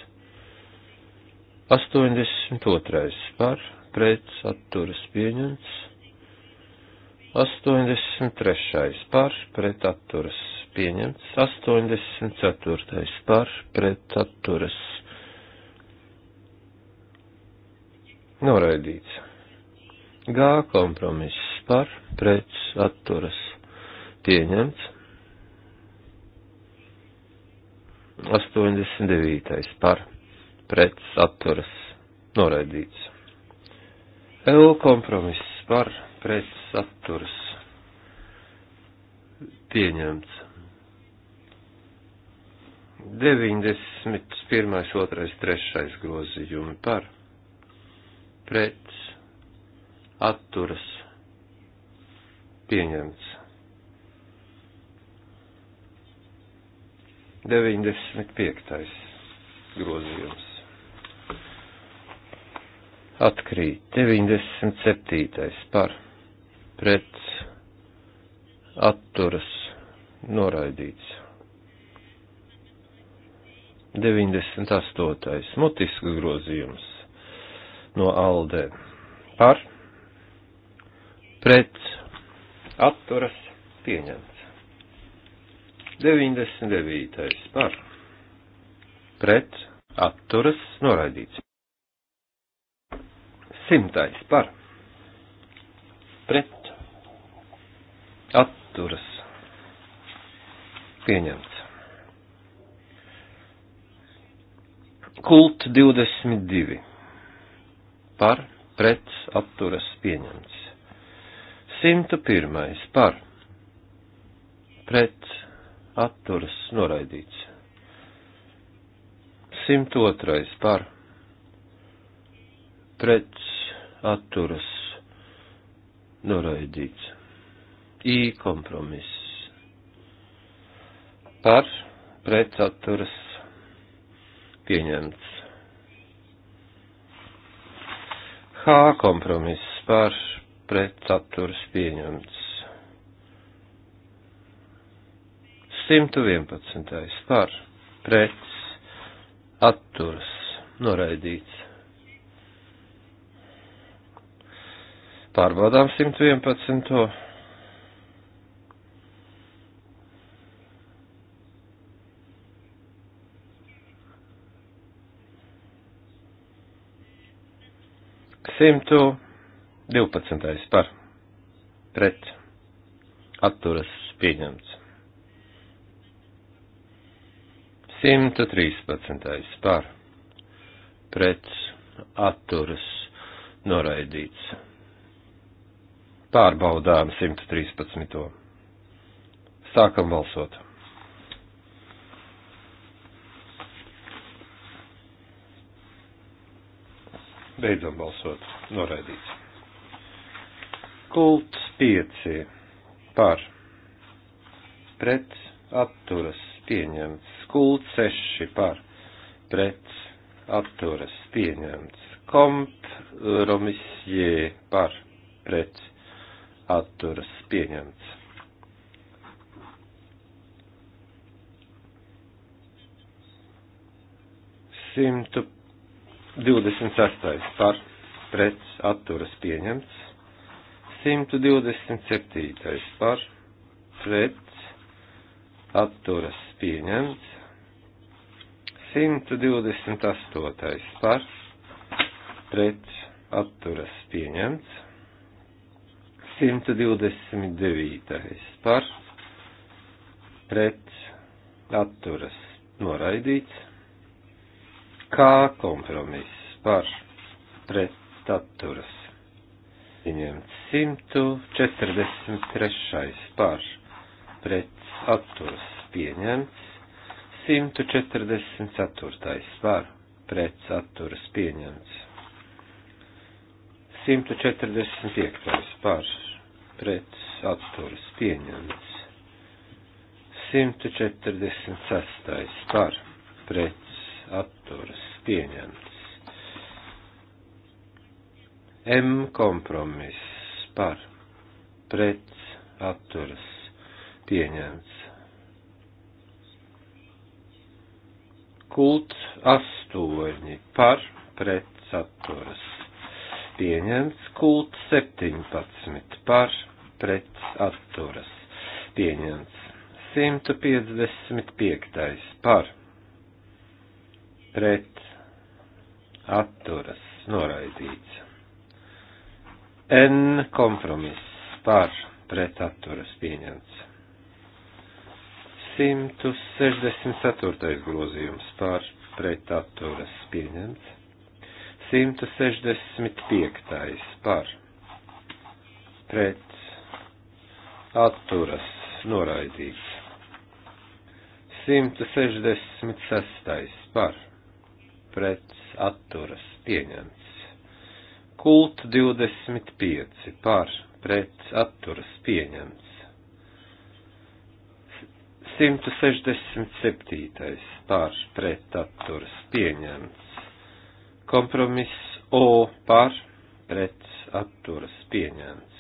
82. par pret atturas pieņemts. 83. par pret atturas pieņemts. 84. par pret atturas noraidīts. G kompromiss par pret atturas pieņemts. 89. par pret saturas noraidīts. L kompromiss par pret saturas pieņemts. 91. 2. 3. grozījumi par pret atturas pieņemts. 95. grozījums. Atkrīt 97. par pret atturas noraidīts. 98. mutisks grozījums no Aldē par pret atturas pieņemt. 99. par pret atturas noraidīts. Simtais par pret atturas pieņemts. Kult 22 par pret atturas pieņemts. 101 par pret atturas noraidīts. 102. par pret atturas noraidīts. I kompromiss. Par pret atturas pieņemts. H kompromiss par pret atturas pieņemts. 111. par pret atturas noraidīts. Pārbaudām 111. Simtu divpadsmitais par pret atturas pieņemts. 113. par pret atturas noraidīts. Pārbaudām 113. Sākam balsot. Beidzam balsot. Noraidīts. Kults 5. Par. Pret atturas pieņemts kult 6 par pret atturas pieņemts. Kompromisie par pret atturas pieņemts. Simtu 26. par pret atturas pieņemts. 127. par pret atturas pieņemts. 128. par pret atturas pieņemts. 129. par pret atturas noraidīts. Kā kompromiss par pret atturas pieņemts. 143. par pret atturas pieņemts. 144. var pret saturas pieņemts. 145. par pret saturas pieņemts. 146. par pret saturas pieņemts. M kompromiss par pret saturas pieņemts. kult astoņi par pret saturas. Pieņemts kult 17 par pret atturas. Pieņemts 155 par pret atturas noraidīts. N kompromiss par pret atturas pieņemts. 164. grozījums pār pretaturas pieņemts. 165. par pret atturas noraidīts. 166. par pret atturas pieņemts. Kult 25 par pret atturas pieņemts. 167. pār pret atturas pieņemts. Kompromiss O pār pret atturas pieņemts.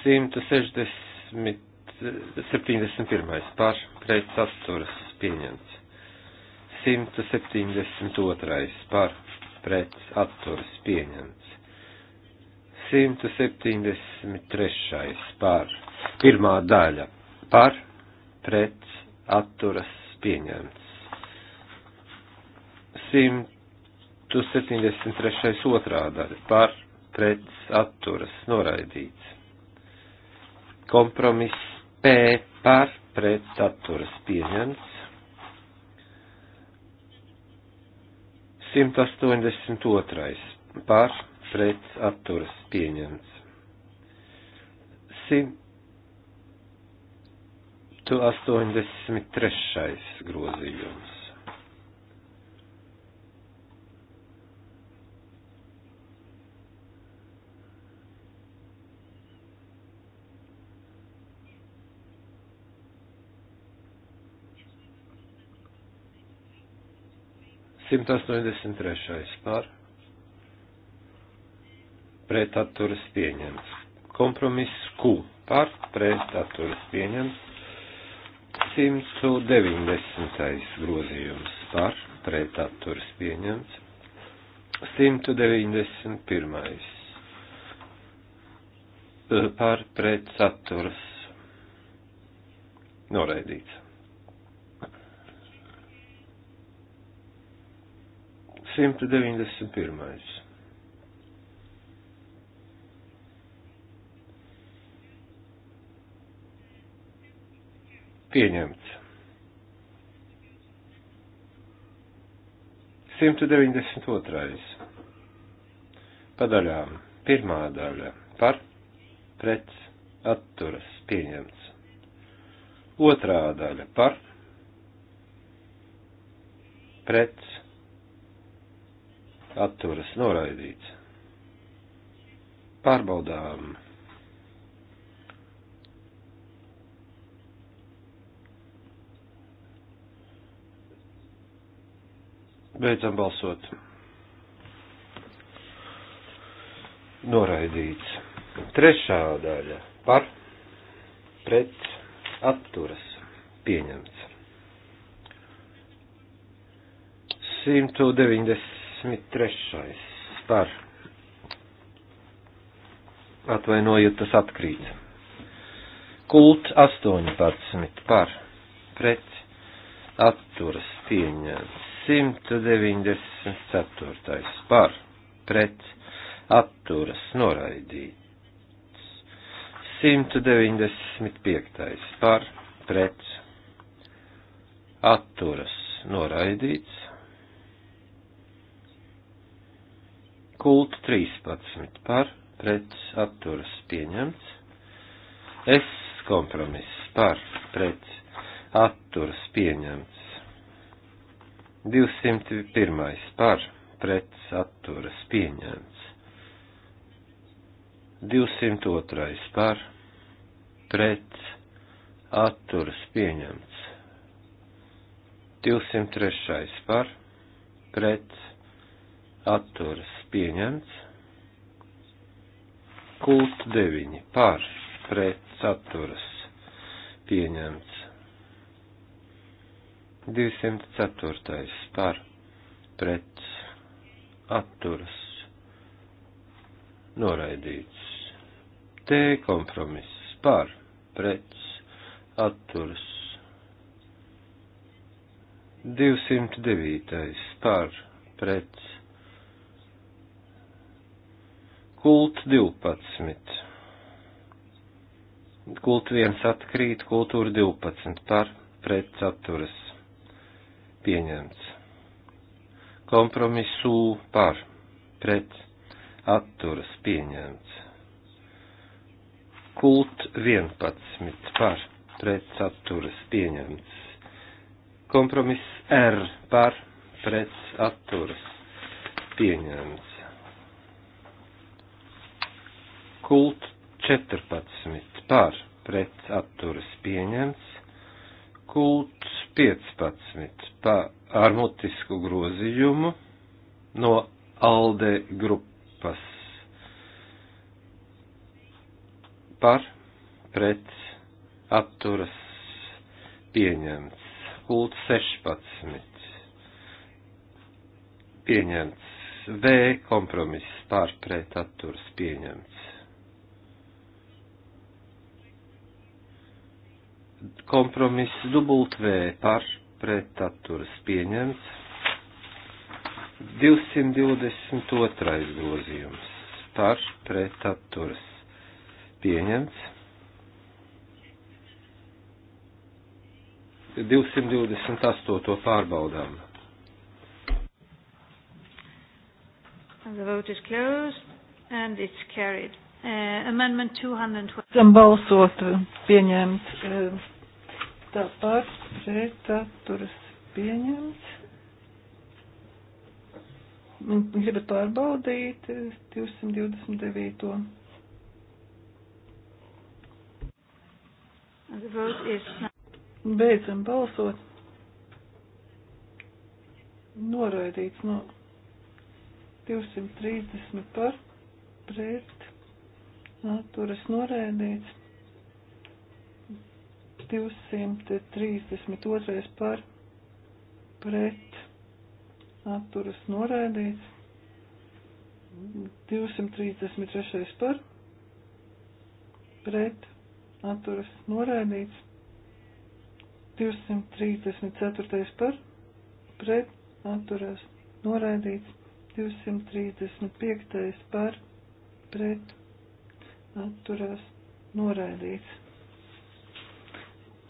171. pār pret atturas pieņemts. 172. pār pret atturas pieņemts. 173. pār pirmā daļa par pret atturas pieņemts. 173. otrā daļa par pret atturas noraidīts. Kompromiss P par pret atturas pieņemts. 182. par pret atturas pieņemts. 100 183. grozījums. Simt astoņdesmit trešais par pretaturas pieņemts. Kompromiss Q par pretaturas pieņemts. 190. grozījums par pretaturas pieņemts. 191. E, par pretsaturas noraidīts. 191. pieņemts. 192. Padaļām. Pirmā daļa par pret atturas pieņemts. Otrā daļa par pret atturas noraidīts. Pārbaudām Beidzam balsot. Noraidīts. Trešā daļa par pret atturas pieņemts. 193. par atvainojiet, tas atkrīt. Kult 18 par pret atturas pieņemts. 194. par pret atturas noraidīts. 195. par pret atturas noraidīts. Kult 13 par pret atturas pieņemts. Es kompromiss par pret atturas pieņemts. 201. par pret atturas pieņemts. 202. par pret atturas pieņemts. 203. par pret atturas pieņemts. Kult 9. par pret atturas pieņemts. 204. par pret atturas noraidīts. T kompromiss par pret atturas 209. par pret kult 12. Kult 1 atkrīt, kultūra 12 par pret atturas pieņemts. Kompromisu par, pret, atturas pieņemts. Kult 11 par, pret, atturas pieņemts. Kompromiss R par, pret, atturas pieņemts. Kult 14 par, pret, atturas pieņemts kult 15 pa, ar mutisku grozījumu no ALDE grupas par pret atturas pieņemts. Kult 16 pieņemts. V kompromiss par pret atturas pieņemts. kompromiss dubultvē par pretaturas pieņemts. 222. grozījums par pretaturas pieņemts. 228. pārbaudām. And the vote is closed and it's carried. Uh, amendment 220. Balsot pieņemts. Uh, 6. par pret atturas pieņemts. Gribat pārbaudīt 229. Beidzam balsot. Noraidīts no 230 par pret atturas noraidīts. 232. par pret atturas noraidīts. 233. par pret atturas noraidīts. 234. par pret atturas noraidīts. 235. par pret atturas noraidīts.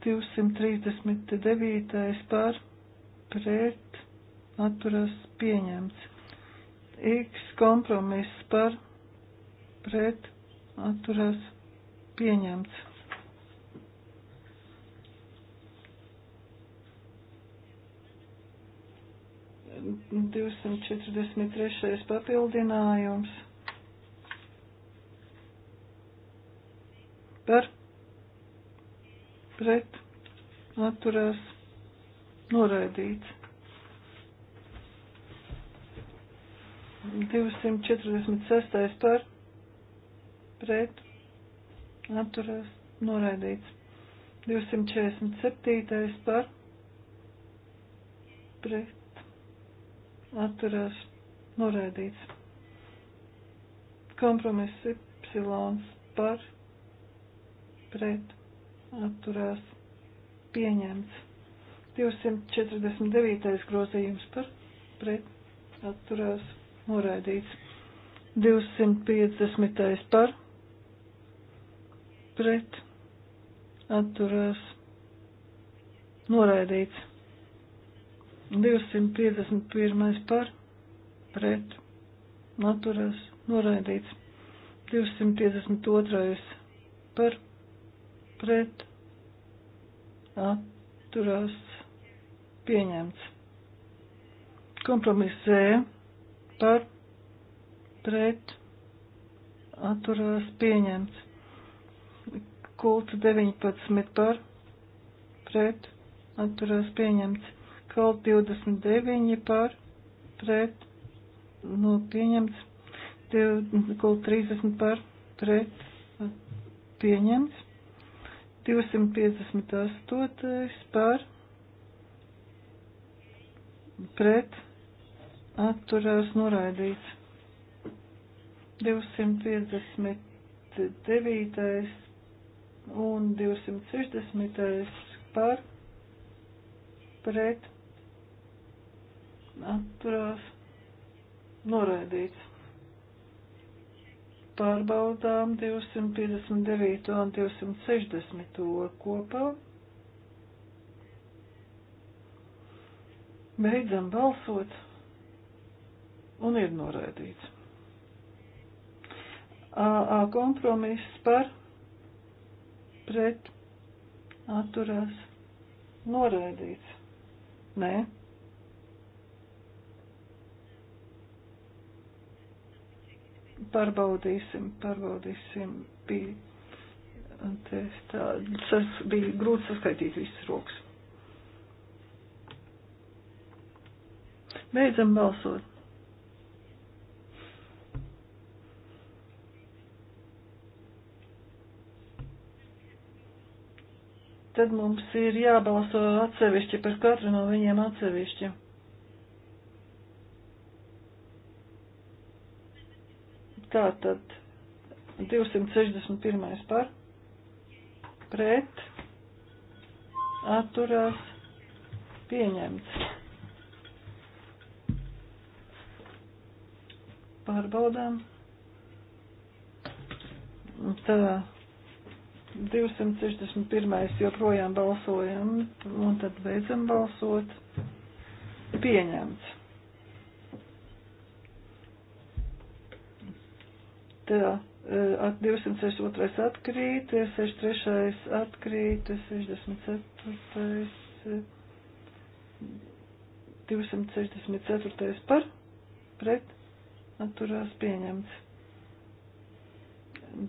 239. par pret atturas pieņemts. X kompromiss par pret atturas pieņemts. Divsimt četrdesmit trešais papildinājums par pret atturās noraidīts. 246. par pret atturās noraidīts. 247. par pret atturās noraidīts. Kompromiss Y par pret atturās pieņemts. 249. grozījums par pret atturās noraidīts. 250. par pret atturās noraidīts. 251. par pret atturās noraidīts. 252. par pret pret atturās pieņemts. Kompromiss Z e, par pret atturās pieņemts. Kults 19 par pret atturās pieņemts. Kalt 29 par pret nu, pieņemts. Kalt 30 par pret pieņemts. 258. par pret atturās noraidīts. 259. un 260. par pret atturās noraidīts pārbaudām 259 un 260 kopā. Beidzam balsot un ir noraidīts. AA kompromiss par pret atturās noraidīts. Nē. Pārbaudīsim, pārbaudīsim. Bija, tā, tas bija grūti saskaitīt visas rokas. Beidzam balsot. Tad mums ir jābalso atsevišķi par katru no viņiem atsevišķi. Tātad 261. par pret atturās pieņemts. Pārbaudām. Tā 261. joprojām balsojam un tad beidzam balsot. Pieņemts. tā, e, at 262. atkrīt, 63. E, atkrīt, 64. E, 264. par, pret, atturās pieņemts.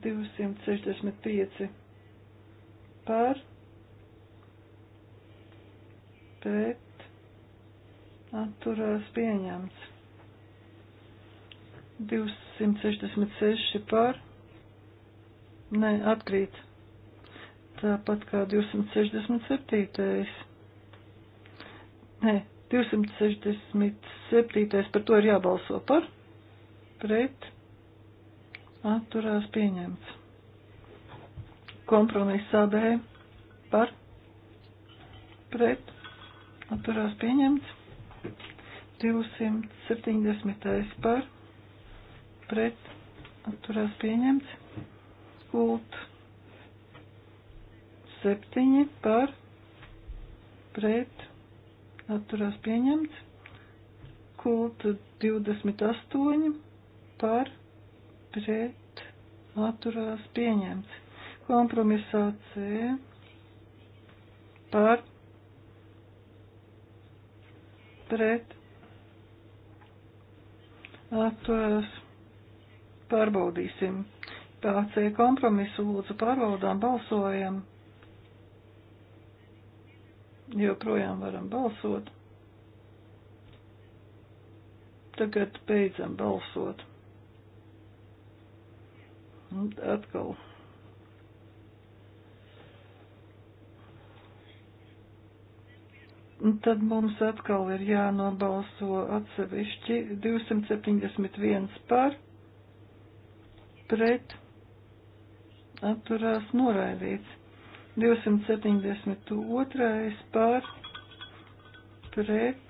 265 par, pret, atturās pieņemts. 200 166 par. Nē, atkrīt. Tāpat kā 267. Nē, 267. par to ir jābalso par. Pret. Atturās pieņemts. Kompromiss AB par. Pret. Atturās pieņemts. 270. par pret atturās pieņemts. Kult 7 par pret atturās pieņemts. Kult 28 par pret atturās pieņemts. Kompromisā C par pret atturās Pārbaudīsim. PC kompromisu lūdzu pārbaudām, balsojam. Joprojām varam balsot. Tagad beidzam balsot. Un atkal. Un tad mums atkal ir jānobalso atsevišķi 271 par pret atturās noraidīts. 272. pār pret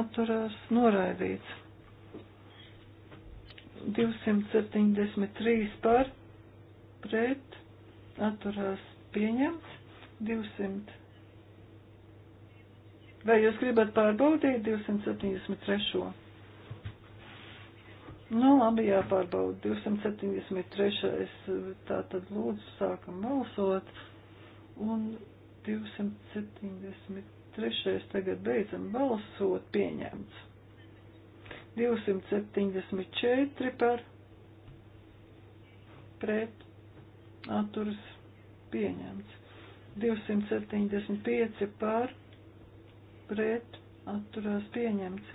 atturās noraidīts. 273 pār pret atturās pieņemts. 200. Vai jūs gribat pārbaudīt 273? Nu, labi, jāpārbauda 273. Tā tad lūdzu sākam balsot. Un 273. tagad beidzam balsot pieņemts. 274 par pret atturas pieņemts. 275 par pret atturās pieņemts.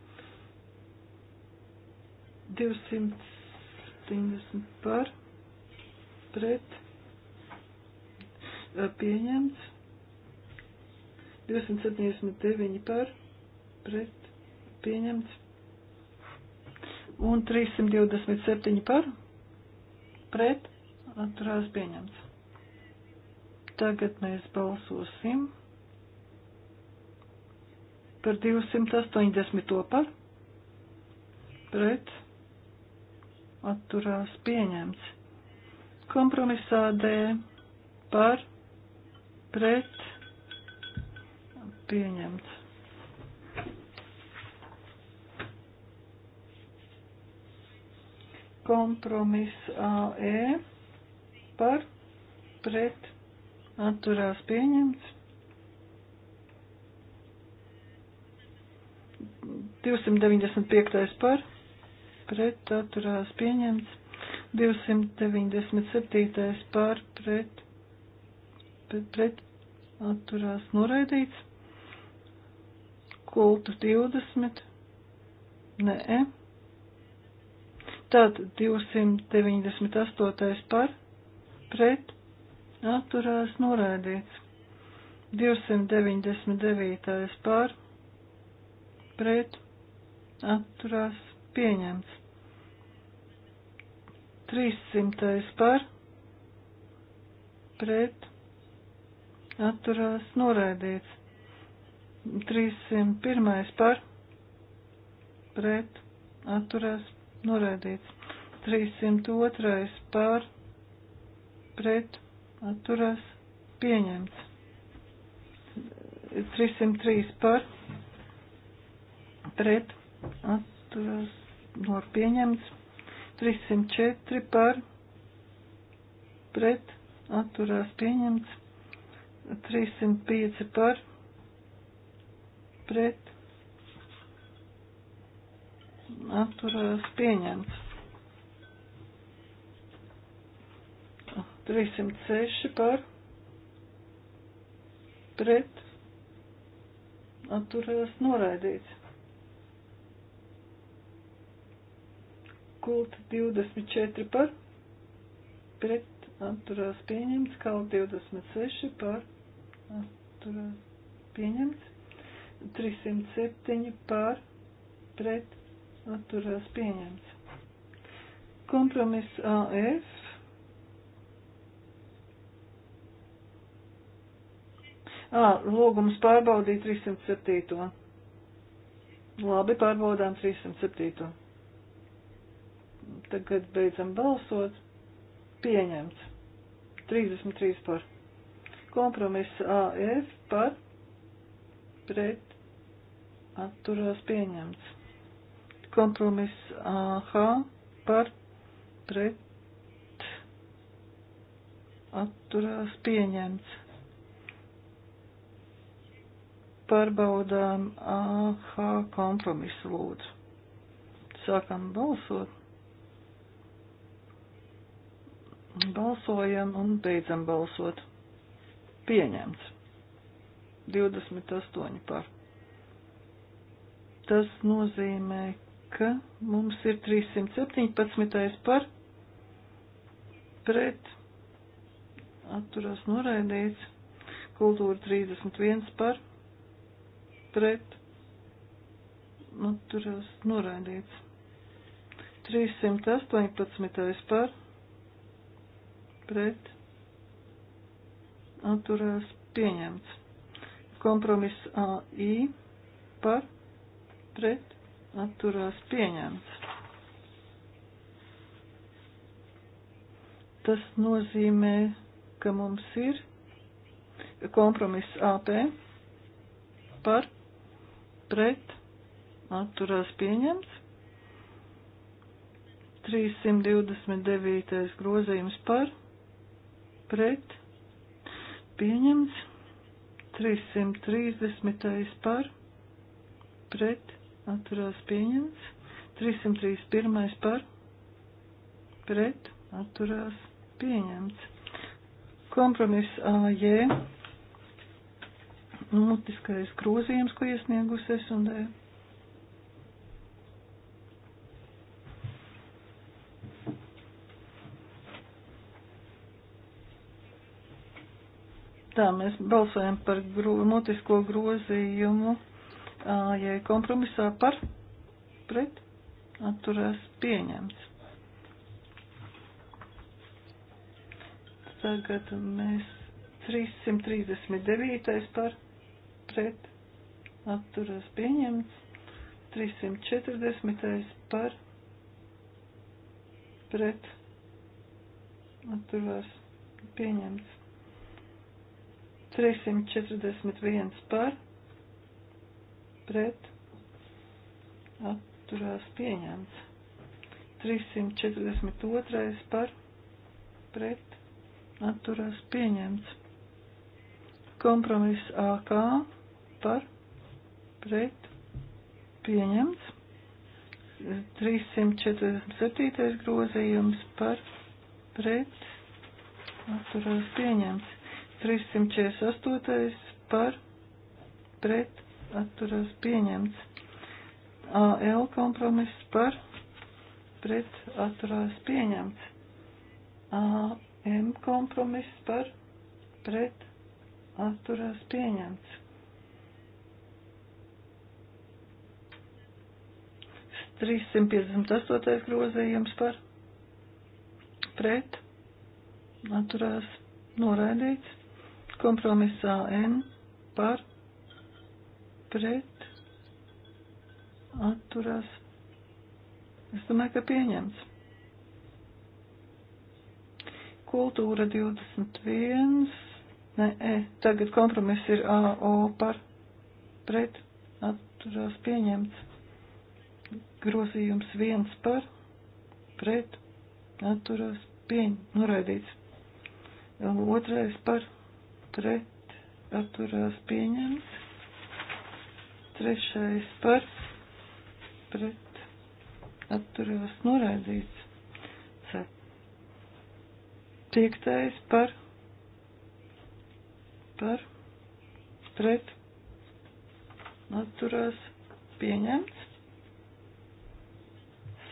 270 par pret pieņemts. 279 par pret pieņemts. Un 327 par pret atturās pieņemts. Tagad mēs balsosim par 280 par pret atturās pieņemts. Kompromisā D par pret pieņemts. Kompromiss AE par pret atturās pieņemts. 295. par pret atturās pieņemts. 297. pār pret, pret, pret atturās noraidīts. Kultu 20. Nē. E. Tātad 298. par pret atturās noraidīts. 299. par pret atturās pieņemts. 300. par pret atturās noraidīts. 301. par pret atturās noraidīts. 302. par pret atturās pieņemts. 303 par pret atturās nor pieņemts. 304 par pret atturās pieņemts. 305 par pret atturās pieņemts. 306 par pret atturās noraidīts. Kult 24 par pret atturās pieņemts, kaut 26 par atturās pieņemts, 307 par pret atturās pieņemts. Kompromiss AF. Ā, lūgums pārbaudīt 307. Labi, pārbaudām 307. Tagad beidzam balsot. Pieņemts. 33 par. Kompromiss AF par pret atturās pieņemts. Kompromiss AH par pret atturās pieņemts. Pārbaudām AH kompromisu lūdzu. Sākam balsot. Balsojam un beidzam balsot. Pieņemts. 28 par. Tas nozīmē, ka mums ir 317 par pret atturās noraidīts, kultūra 31 par pret atturās noraidīts, 318 par pret atturās pieņemts. Kompromiss AI par pret atturās pieņemts. Tas nozīmē, ka mums ir kompromiss AP par pret atturās pieņemts. 329. grozījums par pret pieņemts 330. par pret atturās pieņemts 331. par pret atturās pieņemts. Kompromiss AJ mutiskais grozījums, ko iesniegusi SND. Tā, mēs balsojam par gro, mutisko grozījumu, ja kompromisā par, pret, atturās pieņemts. Tagad mēs 339. par, pret, atturās pieņemts. 340. par, pret, atturās pieņemts. 341 par pret atturās pieņemts. 342 par pret atturās pieņemts. Kompromiss AK par pret pieņemts. 347 grozījums par pret atturās pieņemts. 348. par pret atturās pieņemts. AL kompromiss par pret atturās pieņemts. AM kompromiss par pret atturās pieņemts. Trīssimt piecdesmit astotais grozījums par pret atturās noraidīts kompromisā N par pret atturās. Es domāju, ka pieņemts. Kultūra 21. Nē, e, tagad kompromiss ir AO par pret atturās pieņemts. Grozījums 1 par pret atturās pieņ, noraidīts. Otrais par pret pret atturās pieņemts. Trešais par pret atturās noraidīts. Piektais par par pret atturās pieņemts.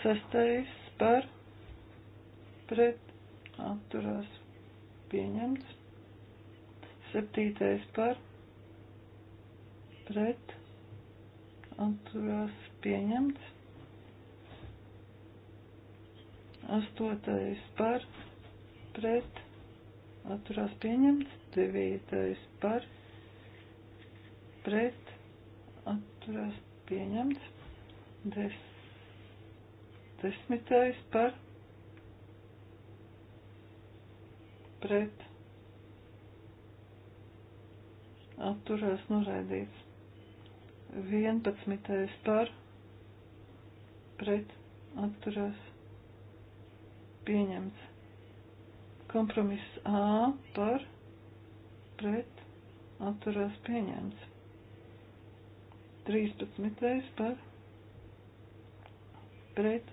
Sastais par pret atturās pieņemts. Septītais par pret atturās pieņemts. Astotais par pret atturās pieņemts. Devītais par pret atturās pieņemts. Des, desmitais par pret atturās noraidīts. 11. par pret atturās pieņemts. Kompromiss A par pret atturās pieņemts. 13. par pret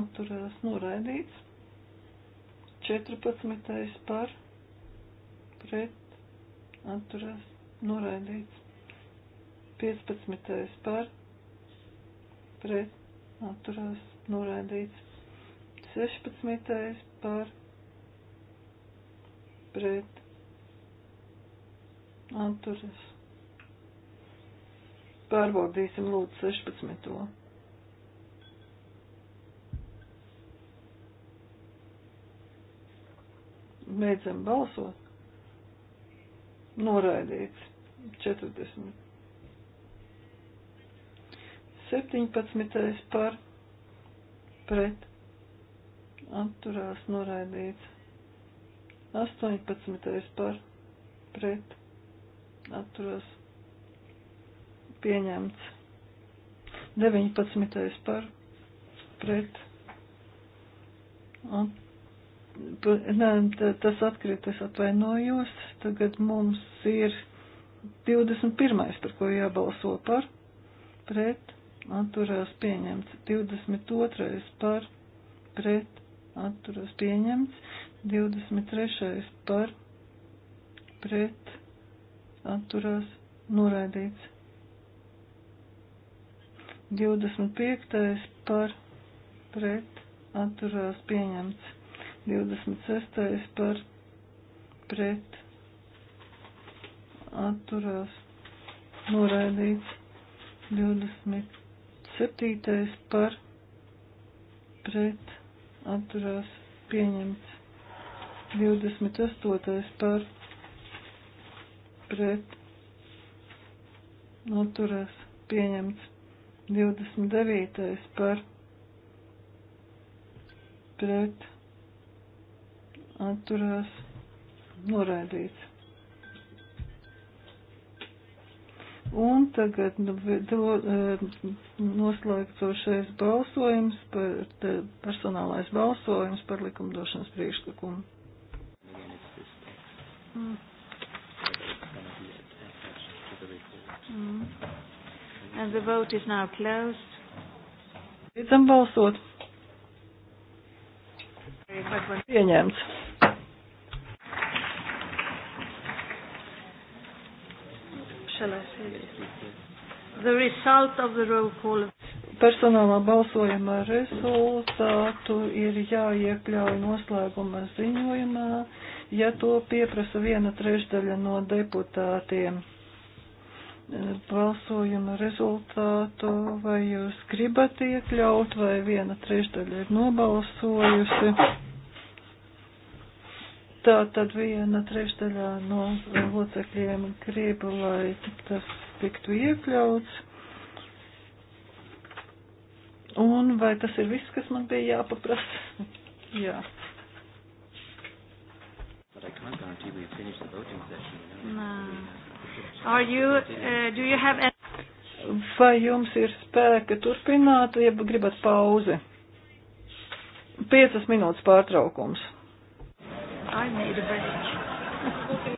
atturās noraidīts. 14. par pret atturās noraidīts. 15. par pret atturās noraidīts. 16. par pret atturās. Pārbaudīsim lūdzu 16. Beidzam balsot noraidīts. 40. 17. par pret atturās noraidīts. 18. par pret atturās pieņemts. 19. par pret atturās nē, tas atkritas atvainojos. Tagad mums ir 21. par ko jābalso par, pret, atturās pieņemts. 22. par, pret, atturās pieņemts. 23. par, pret, atturās noraidīts. 25. par, pret, atturās pieņemts. 26. par pret atturās noraidīts 27. par pret atturās pieņemts 28. par pret atturās pieņemts 29. par pret atturās noraidīts. Un tagad nu, do, eh, noslēgcošais balsojums, par, te, personālais balsojums par likumdošanas priekšlikumu. Mm. Mm. And the vote is now closed. Beidzam balsot. Pieņemts. Shall I say this? The result of the roll call. Personālā balsojuma rezultātu ir jāiekļauj noslēguma ziņojumā, ja to pieprasa viena trešdaļa no deputātiem. Balsojuma rezultātu vai jūs gribat iekļaut, vai viena trešdaļa ir nobalsojusi? Tā tad viena trešdaļā no locekļiem grib, lai tas tiktu iekļauts. Un vai tas ir viss, kas man bija jāpaprasa? Jā. But I can't guarantee we finish the voting session. You know? No. Are you, uh, do you have any... Vai jums ir spēka turpināt, ja gribat pauzi? Piecas minūtes pārtraukums. I made a break.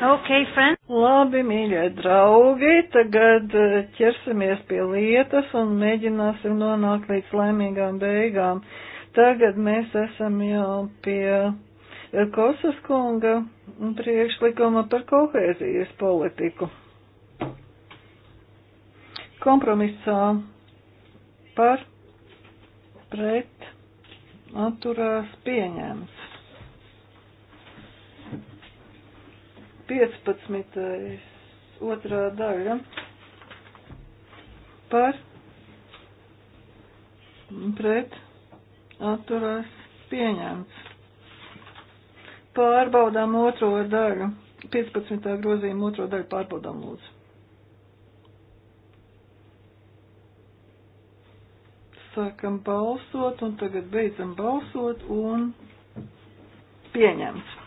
Okay, friend. Labi, mīļie draugi, tagad eh, ķersimies pie lietas un mēģināsim nonākt līdz laimīgām beigām. Tagad mēs esam jau pie eh, Kosas kunga priekšlikuma par kohēzijas politiku. Kompromisā par, pret, atturās pieņēmts. 15. otrā daļa par pret atturās pieņemts. Pārbaudām otro daļu. 15. grozījuma otro daļu pārbaudām lūdzu. Sākam balsot un tagad beidzam balsot un pieņemts.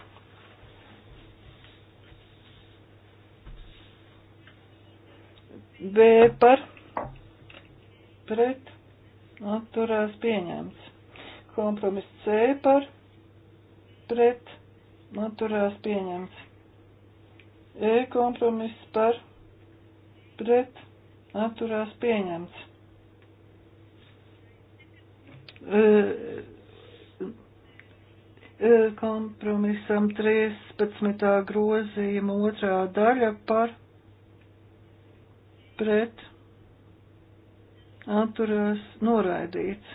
B par pret atturās pieņemts. Kompromiss C par pret atturās pieņemts. E kompromiss par pret atturās pieņemts. E, e kompromisam 13. grozījuma otrā daļa par pret atturās noraidīts.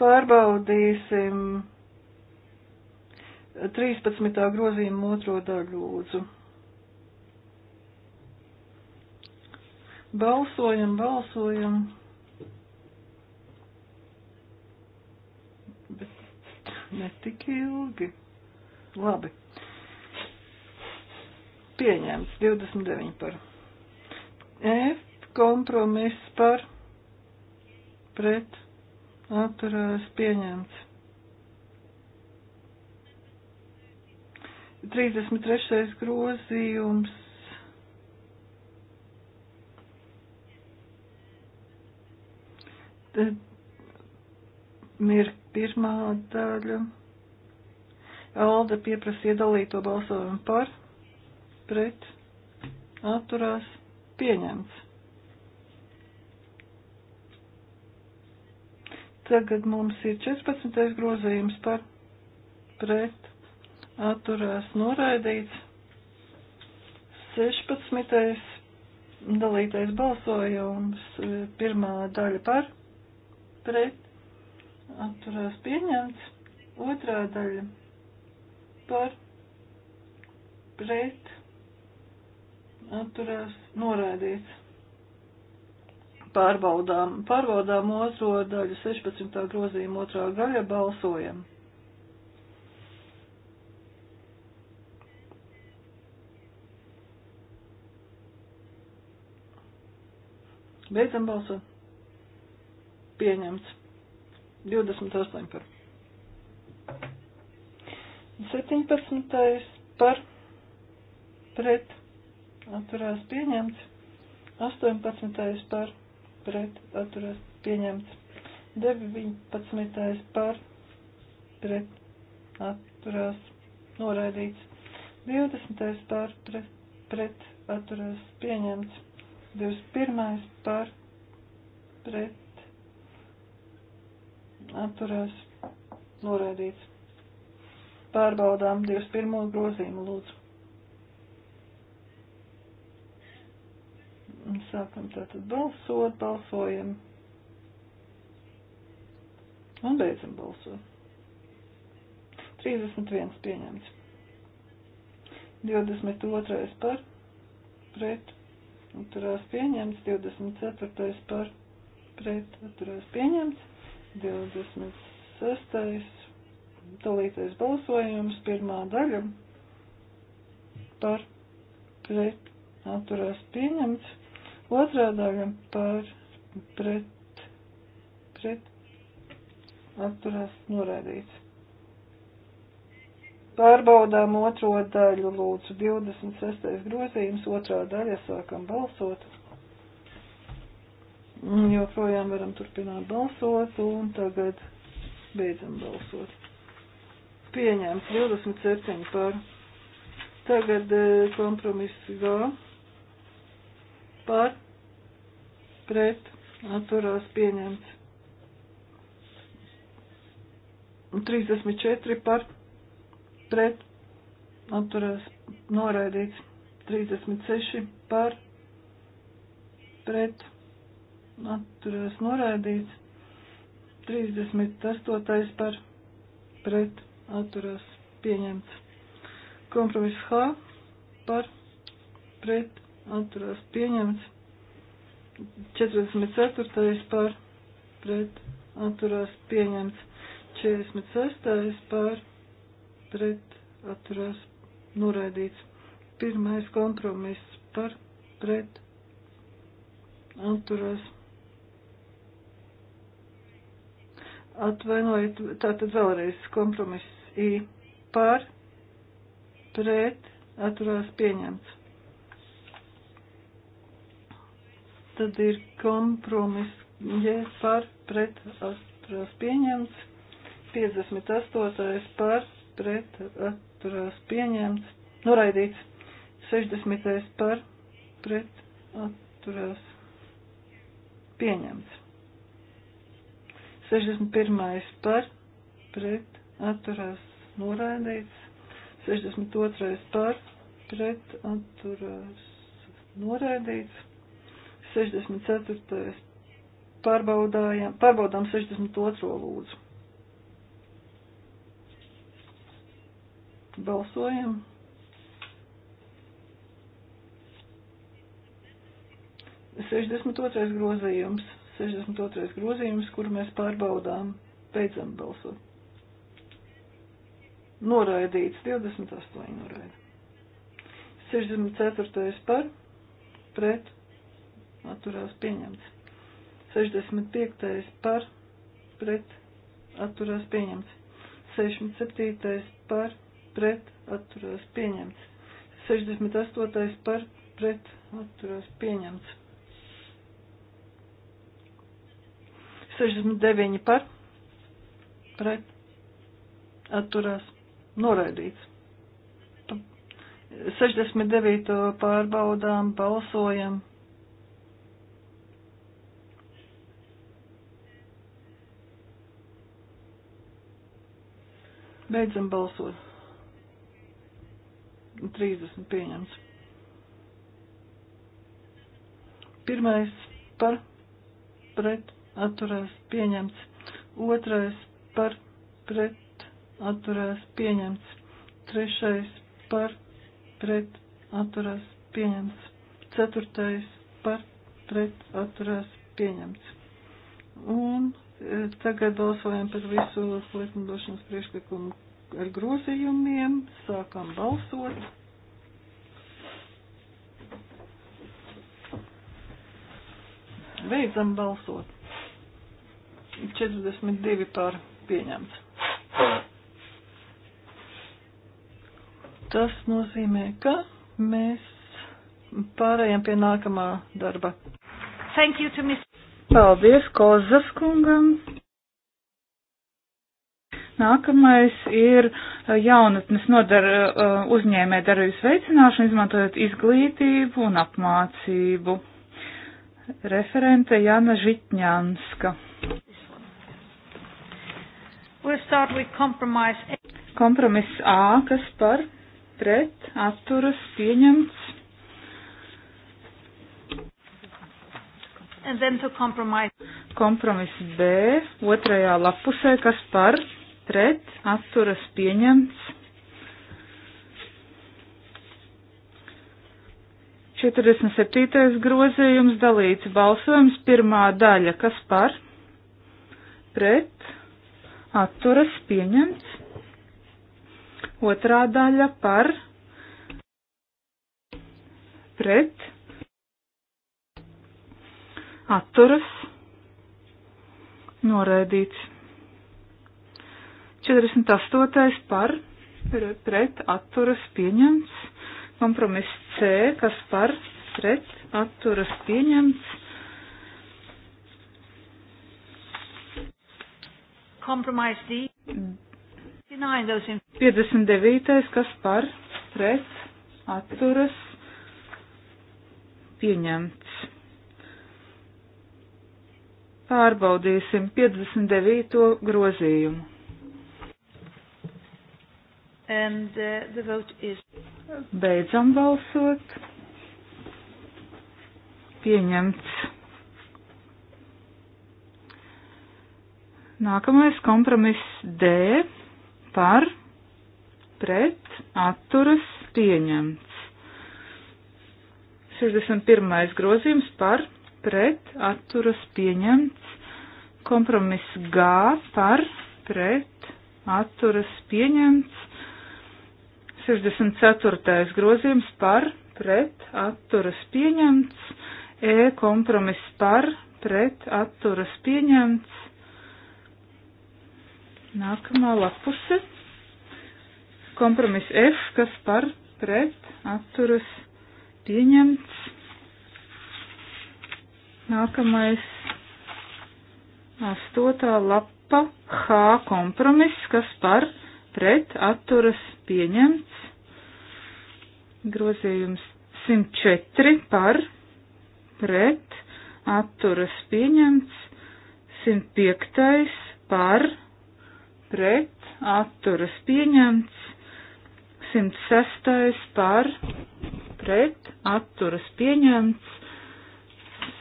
Pārbaudīsim 13. grozījumu otro daļu lūdzu. Balsojam, balsojam. Bet ne tik ilgi. Labi. Pieņemts 29 par. F kompromiss par pret atturās pieņemts. 33. grozījums. Tad ir pirmā daļa. Alda pieprasa iedalīto balsojumu par, pret, atturās, pieņemts. Tagad mums ir 14. grozījums par pret atturās noraidīts. 16. dalītais balsojums, pirmā daļa par pret atturās pieņemts, otrā daļa par pret atturās noraidīts. Pārbaudām, pārbaudām otro daļu 16. grozījuma otrā gaļa balsojam. Beidzam balsu. Pieņemts. 28 par. 17. par pret atturās pieņemts. 18. par pret atturās pieņemts. 19. par pret atturās noraidīts. 20. par pret, pret atturās pieņemts. 21. par pret atturās noraidīts. Pārbaudām 21. grozījumu lūdzu. Un sākam tātad balsot, balsojam. Un beidzam balsot. 31 pieņemts. 22 par pret atturās pieņemts. 24 par pret atturās pieņemts. 26. dalītais balsojums, pirmā daļa par pret atturās pieņemts. Otrā daļa par pret, pret atturās noraidīts. Pārbaudām otro daļu, lūdzu, 26. grozījums, otrā daļa, sākam balsot. Un joprojām varam turpināt balsot, un tagad beidzam balsot. Pieņēmts 27 par. Tagad eh, kompromiss gā par pret atturās pieņemts. 34 par pret atturās noraidīts. 36 par pret atturās noraidīts. 38 par pret atturās pieņemts. Kompromiss H par pret atturās pieņemts. 44. par pret atturās pieņemts. 46. par pret atturās noraidīts. Pirmais kompromiss par pret atturās. Atvainojiet, tātad vēlreiz kompromiss I par pret atturās pieņemts. Tad ir kompromiss, ja par pret atturās pieņemts. 58. par pret atturās pieņemts. Noraidīts. 60. par pret atturās pieņemts. 61. par pret atturās noraidīts. 62. par pret atturās noraidīts. 64. pārbaudām 62. lūdzu. Balsojam. Sešdesmit otrais grozījums, sešdesmit otrais grozījums, kuru mēs pārbaudām, beidzam balsot noraidīts, 28 noraida. 64. par, pret, atturās pieņemts. 65. par pret atturās pieņemts. 67. par pret atturās pieņemts. 68. par pret atturās pieņemts. 69 par pret atturās noraidīts. 69. pārbaudām, balsojam. Beidzam balsot. 30 pieņemts. Pirmais par pret atturēs pieņemts. Otrais par pret atturēs pieņemts. Trešais par pret atturēs pieņemts. Ceturtais par pret atturēs pieņemts. Un Tagad balsojam par visu likumdošanas priekšlikumu ar grozījumiem. Sākam balsot. Beidzam balsot. 42 pār pieņemts. Tas nozīmē, ka mēs pārējām pie nākamā darba. Thank you to Mr. Paldies Kozas kungam. Nākamais ir eh, jaunatnes nodara eh, uzņēmē darījus veicināšanu, izmantojot izglītību un apmācību. Referente Jana Žitņanska. Kompromiss A, kas par pret atturas pieņemts. Kompromiss B otrajā lapusē, kas par pret atturas pieņemts. 47. grozījums dalīts balsojums pirmā daļa, kas par pret atturas pieņemts. Otrā daļa par pret atturas, noraidīts. 48. par, pret, atturas, pieņemts. Kompromiss C, kas par, pret, atturas, pieņemts. Compromise D. 59. kas par, pret, atturas, pieņemts. Pārbaudīsim 59. grozījumu. And, uh, the vote is... Beidzam balsot. Pieņemts. Nākamais kompromiss D par pret atturas pieņemts. 61. grozījums par pret atturas pieņemts. Kompromiss G par pret atturas pieņemts. 64. grozījums par pret atturas pieņemts. E kompromiss par pret atturas pieņemts. Nākamā lapuse. Kompromiss F, kas par pret atturas pieņemts. Nākamais astotā lapa H kompromiss, kas par pret atturas pieņemts. Grozījums 104 par pret atturas pieņemts. 105 par pret atturas pieņemts. 106 par pret atturas pieņemts.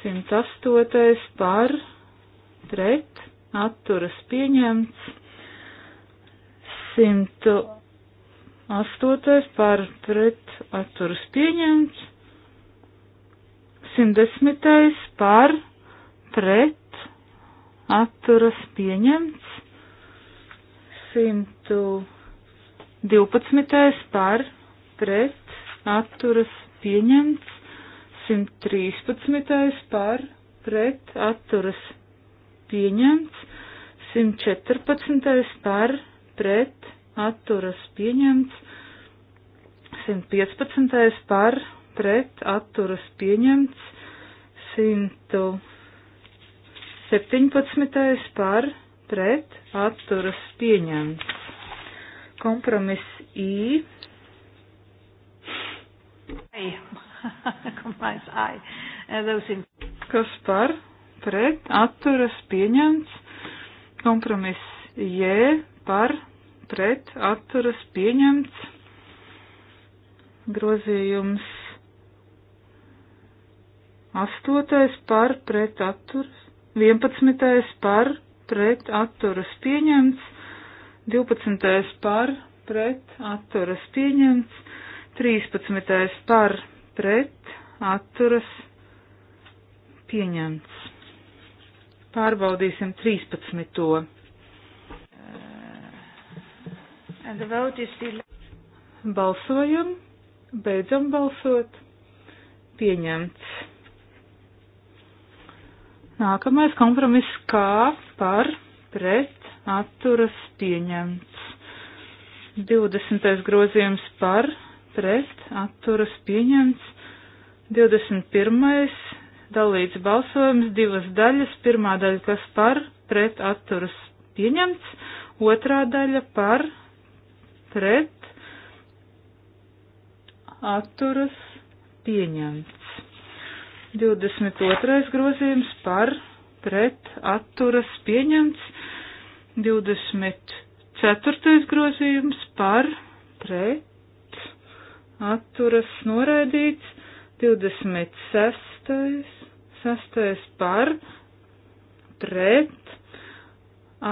108. par pret atturas pieņemts. 108. par pret atturas pieņemts. 110. par pret atturas pieņemts. 112. par pret atturas pieņemts. 113. par pret atturas pieņemts, 114. par pret atturas pieņemts, 115. par pret atturas pieņemts, 117. par pret atturas pieņemts. Kompromiss I. Ei. Kompromiss I. In... Kas par? Pret atturas pieņemts. Kompromiss J par pret atturas pieņemts. Grozījums astotais par pret atturas, vienpadsmitais par pret atturas pieņemts, divpadsmitais par pret atturas pieņemts, trīspadsmitais par pret, atturas, pieņemts. Pārbaudīsim 13. Uh, Balsojam, beidzam balsot, pieņemts. Nākamais kompromiss kā par, pret, atturas, pieņemts. 20. grozījums par, pret atturas pieņemts. 21. dalīts balsojums divas daļas. Pirmā daļa, kas par pret atturas pieņemts, otrā daļa par pret atturas pieņemts. 22. grozījums par pret atturas pieņemts. 24. grozījums par pret atturas noraidīts, 26. 6. par, pret,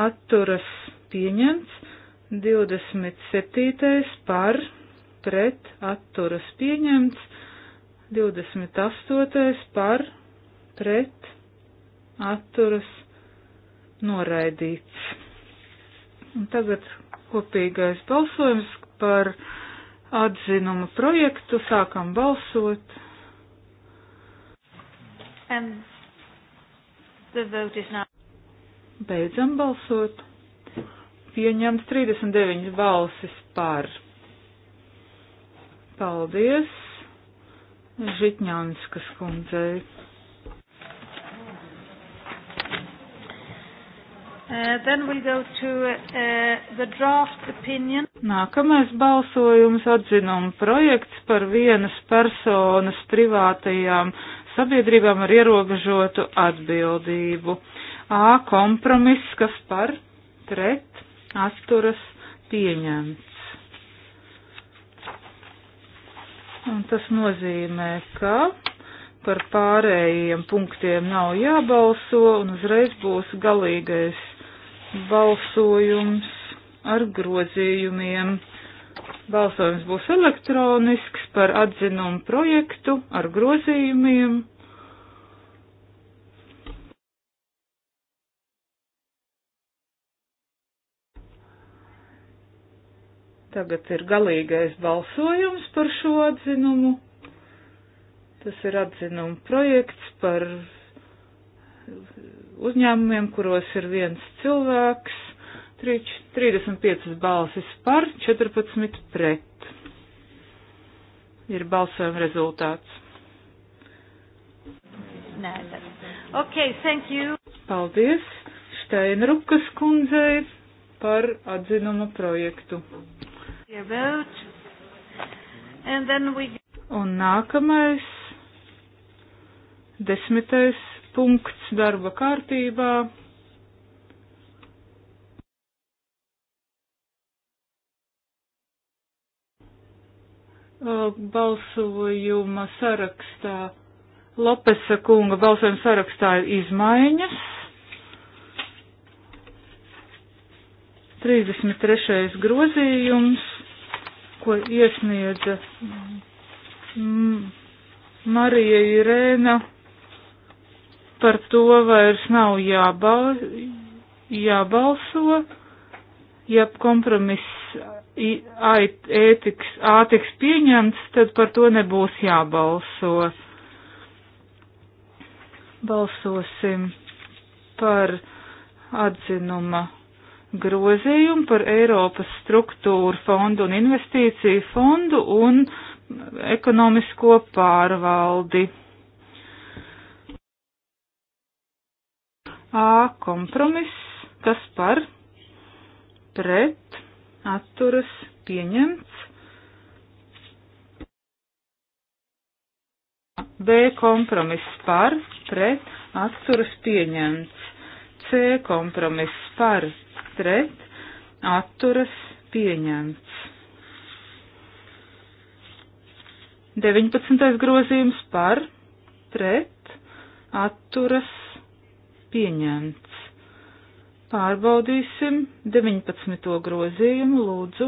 atturas pieņemts, 27. par, pret, atturas pieņemts, 28. par, pret, atturas noraidīts. Un tagad kopīgais balsojums par atzinuma projektu, sākam balsot. And the vote is now. Beidzam balsot. Pieņemts 39 balsis par. Paldies Žitņānskas kundzei. Uh, then we'll go to uh, the draft opinion. Nākamais balsojums atzinuma projekts par vienas personas privātajām sabiedrībām ar ierobežotu atbildību. A kompromiss, kas par pret atturas pieņemts. Un tas nozīmē, ka par pārējiem punktiem nav jābalso un uzreiz būs galīgais balsojums ar grozījumiem. Balsojums būs elektronisks par atzinumu projektu ar grozījumiem. Tagad ir galīgais balsojums par šo atzinumu. Tas ir atzinuma projekts par uzņēmumiem, kuros ir viens cilvēks, 35 balsis par, 14 pret. Ir balsojuma rezultāts. Nē, okay, thank you. Paldies Steinrukas kundzei par atzinuma projektu. We... Un nākamais, desmitais punkts darba kārtībā. Balsojuma sarakstā, Lopesa kunga balsojuma sarakstā ir izmaiņas. 33. grozījums, ko iesniedza Marija Irēna par to vairs nav jābal, jābalso, ja kompromiss ētiks, e ātiks pieņemts, tad par to nebūs jābalso. Balsosim par atzinuma grozījumu par Eiropas struktūru fondu un investīciju fondu un ekonomisko pārvaldi. A kompromiss, kas par pret atturas pieņemts. B kompromiss par pret atturas pieņemts. C kompromiss par pret atturas pieņemts. 19. grozījums par pret atturas pieņemts pieņemts. Pārbaudīsim 19. grozījumu, lūdzu.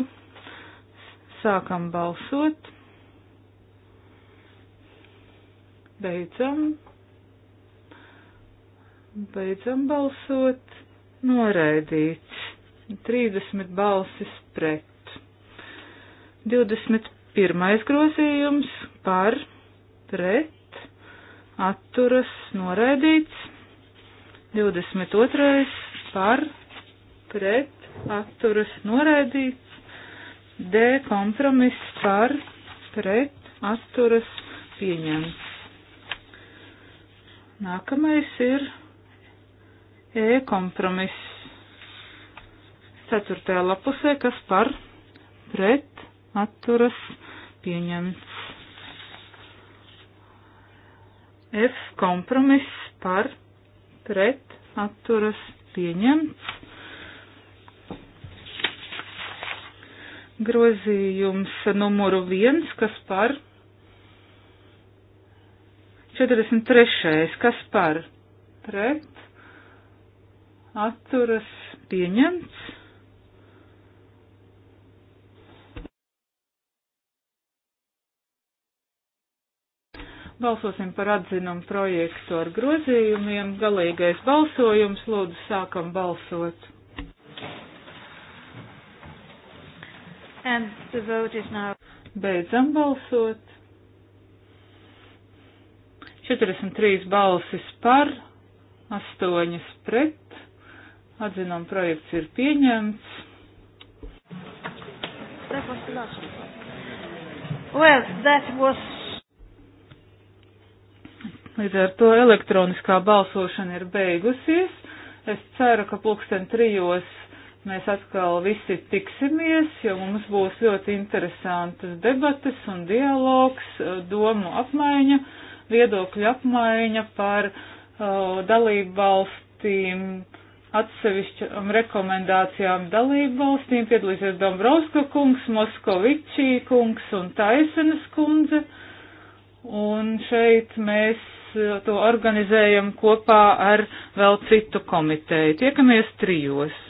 Sākam balsot. Beidzam. Beidzam balsot. Noraidīts. 30 balsis pret. 21. grozījums par, pret, atturas, noraidīts. 22. par pret atturas noraidīts. D kompromiss par pret atturas pieņemts. Nākamais ir E kompromiss. Ceturtajā lapusē, kas par pret atturas pieņemts. F kompromiss par pret pret atturas pieņemts. Grozījums numuru viens, kas par 43. kas par pret atturas pieņemts. Balsosim par atzinumu projektu ar grozījumiem. Galīgais balsojums. Lūdzu, sākam balsot. Now... Beidzam balsot. 43 balsis par, 8 pret. Atzinām, projekts ir pieņemts. Well, that was Līdz ar to elektroniskā balsošana ir beigusies. Es ceru, ka pulksten trijos mēs atkal visi tiksimies, jo mums būs ļoti interesantas debates un dialogs, eh, domu apmaiņa, viedokļu apmaiņa par uh, dalību valstīm, atsevišķām rekomendācijām dalību valstīm. Piedalīsies Dombrovska kungs, Moskovičī kungs un Taisenes kundze. Un šeit mēs Eh, to organizējam kopā ar vēl citu komiteju. Tiekamies trijos.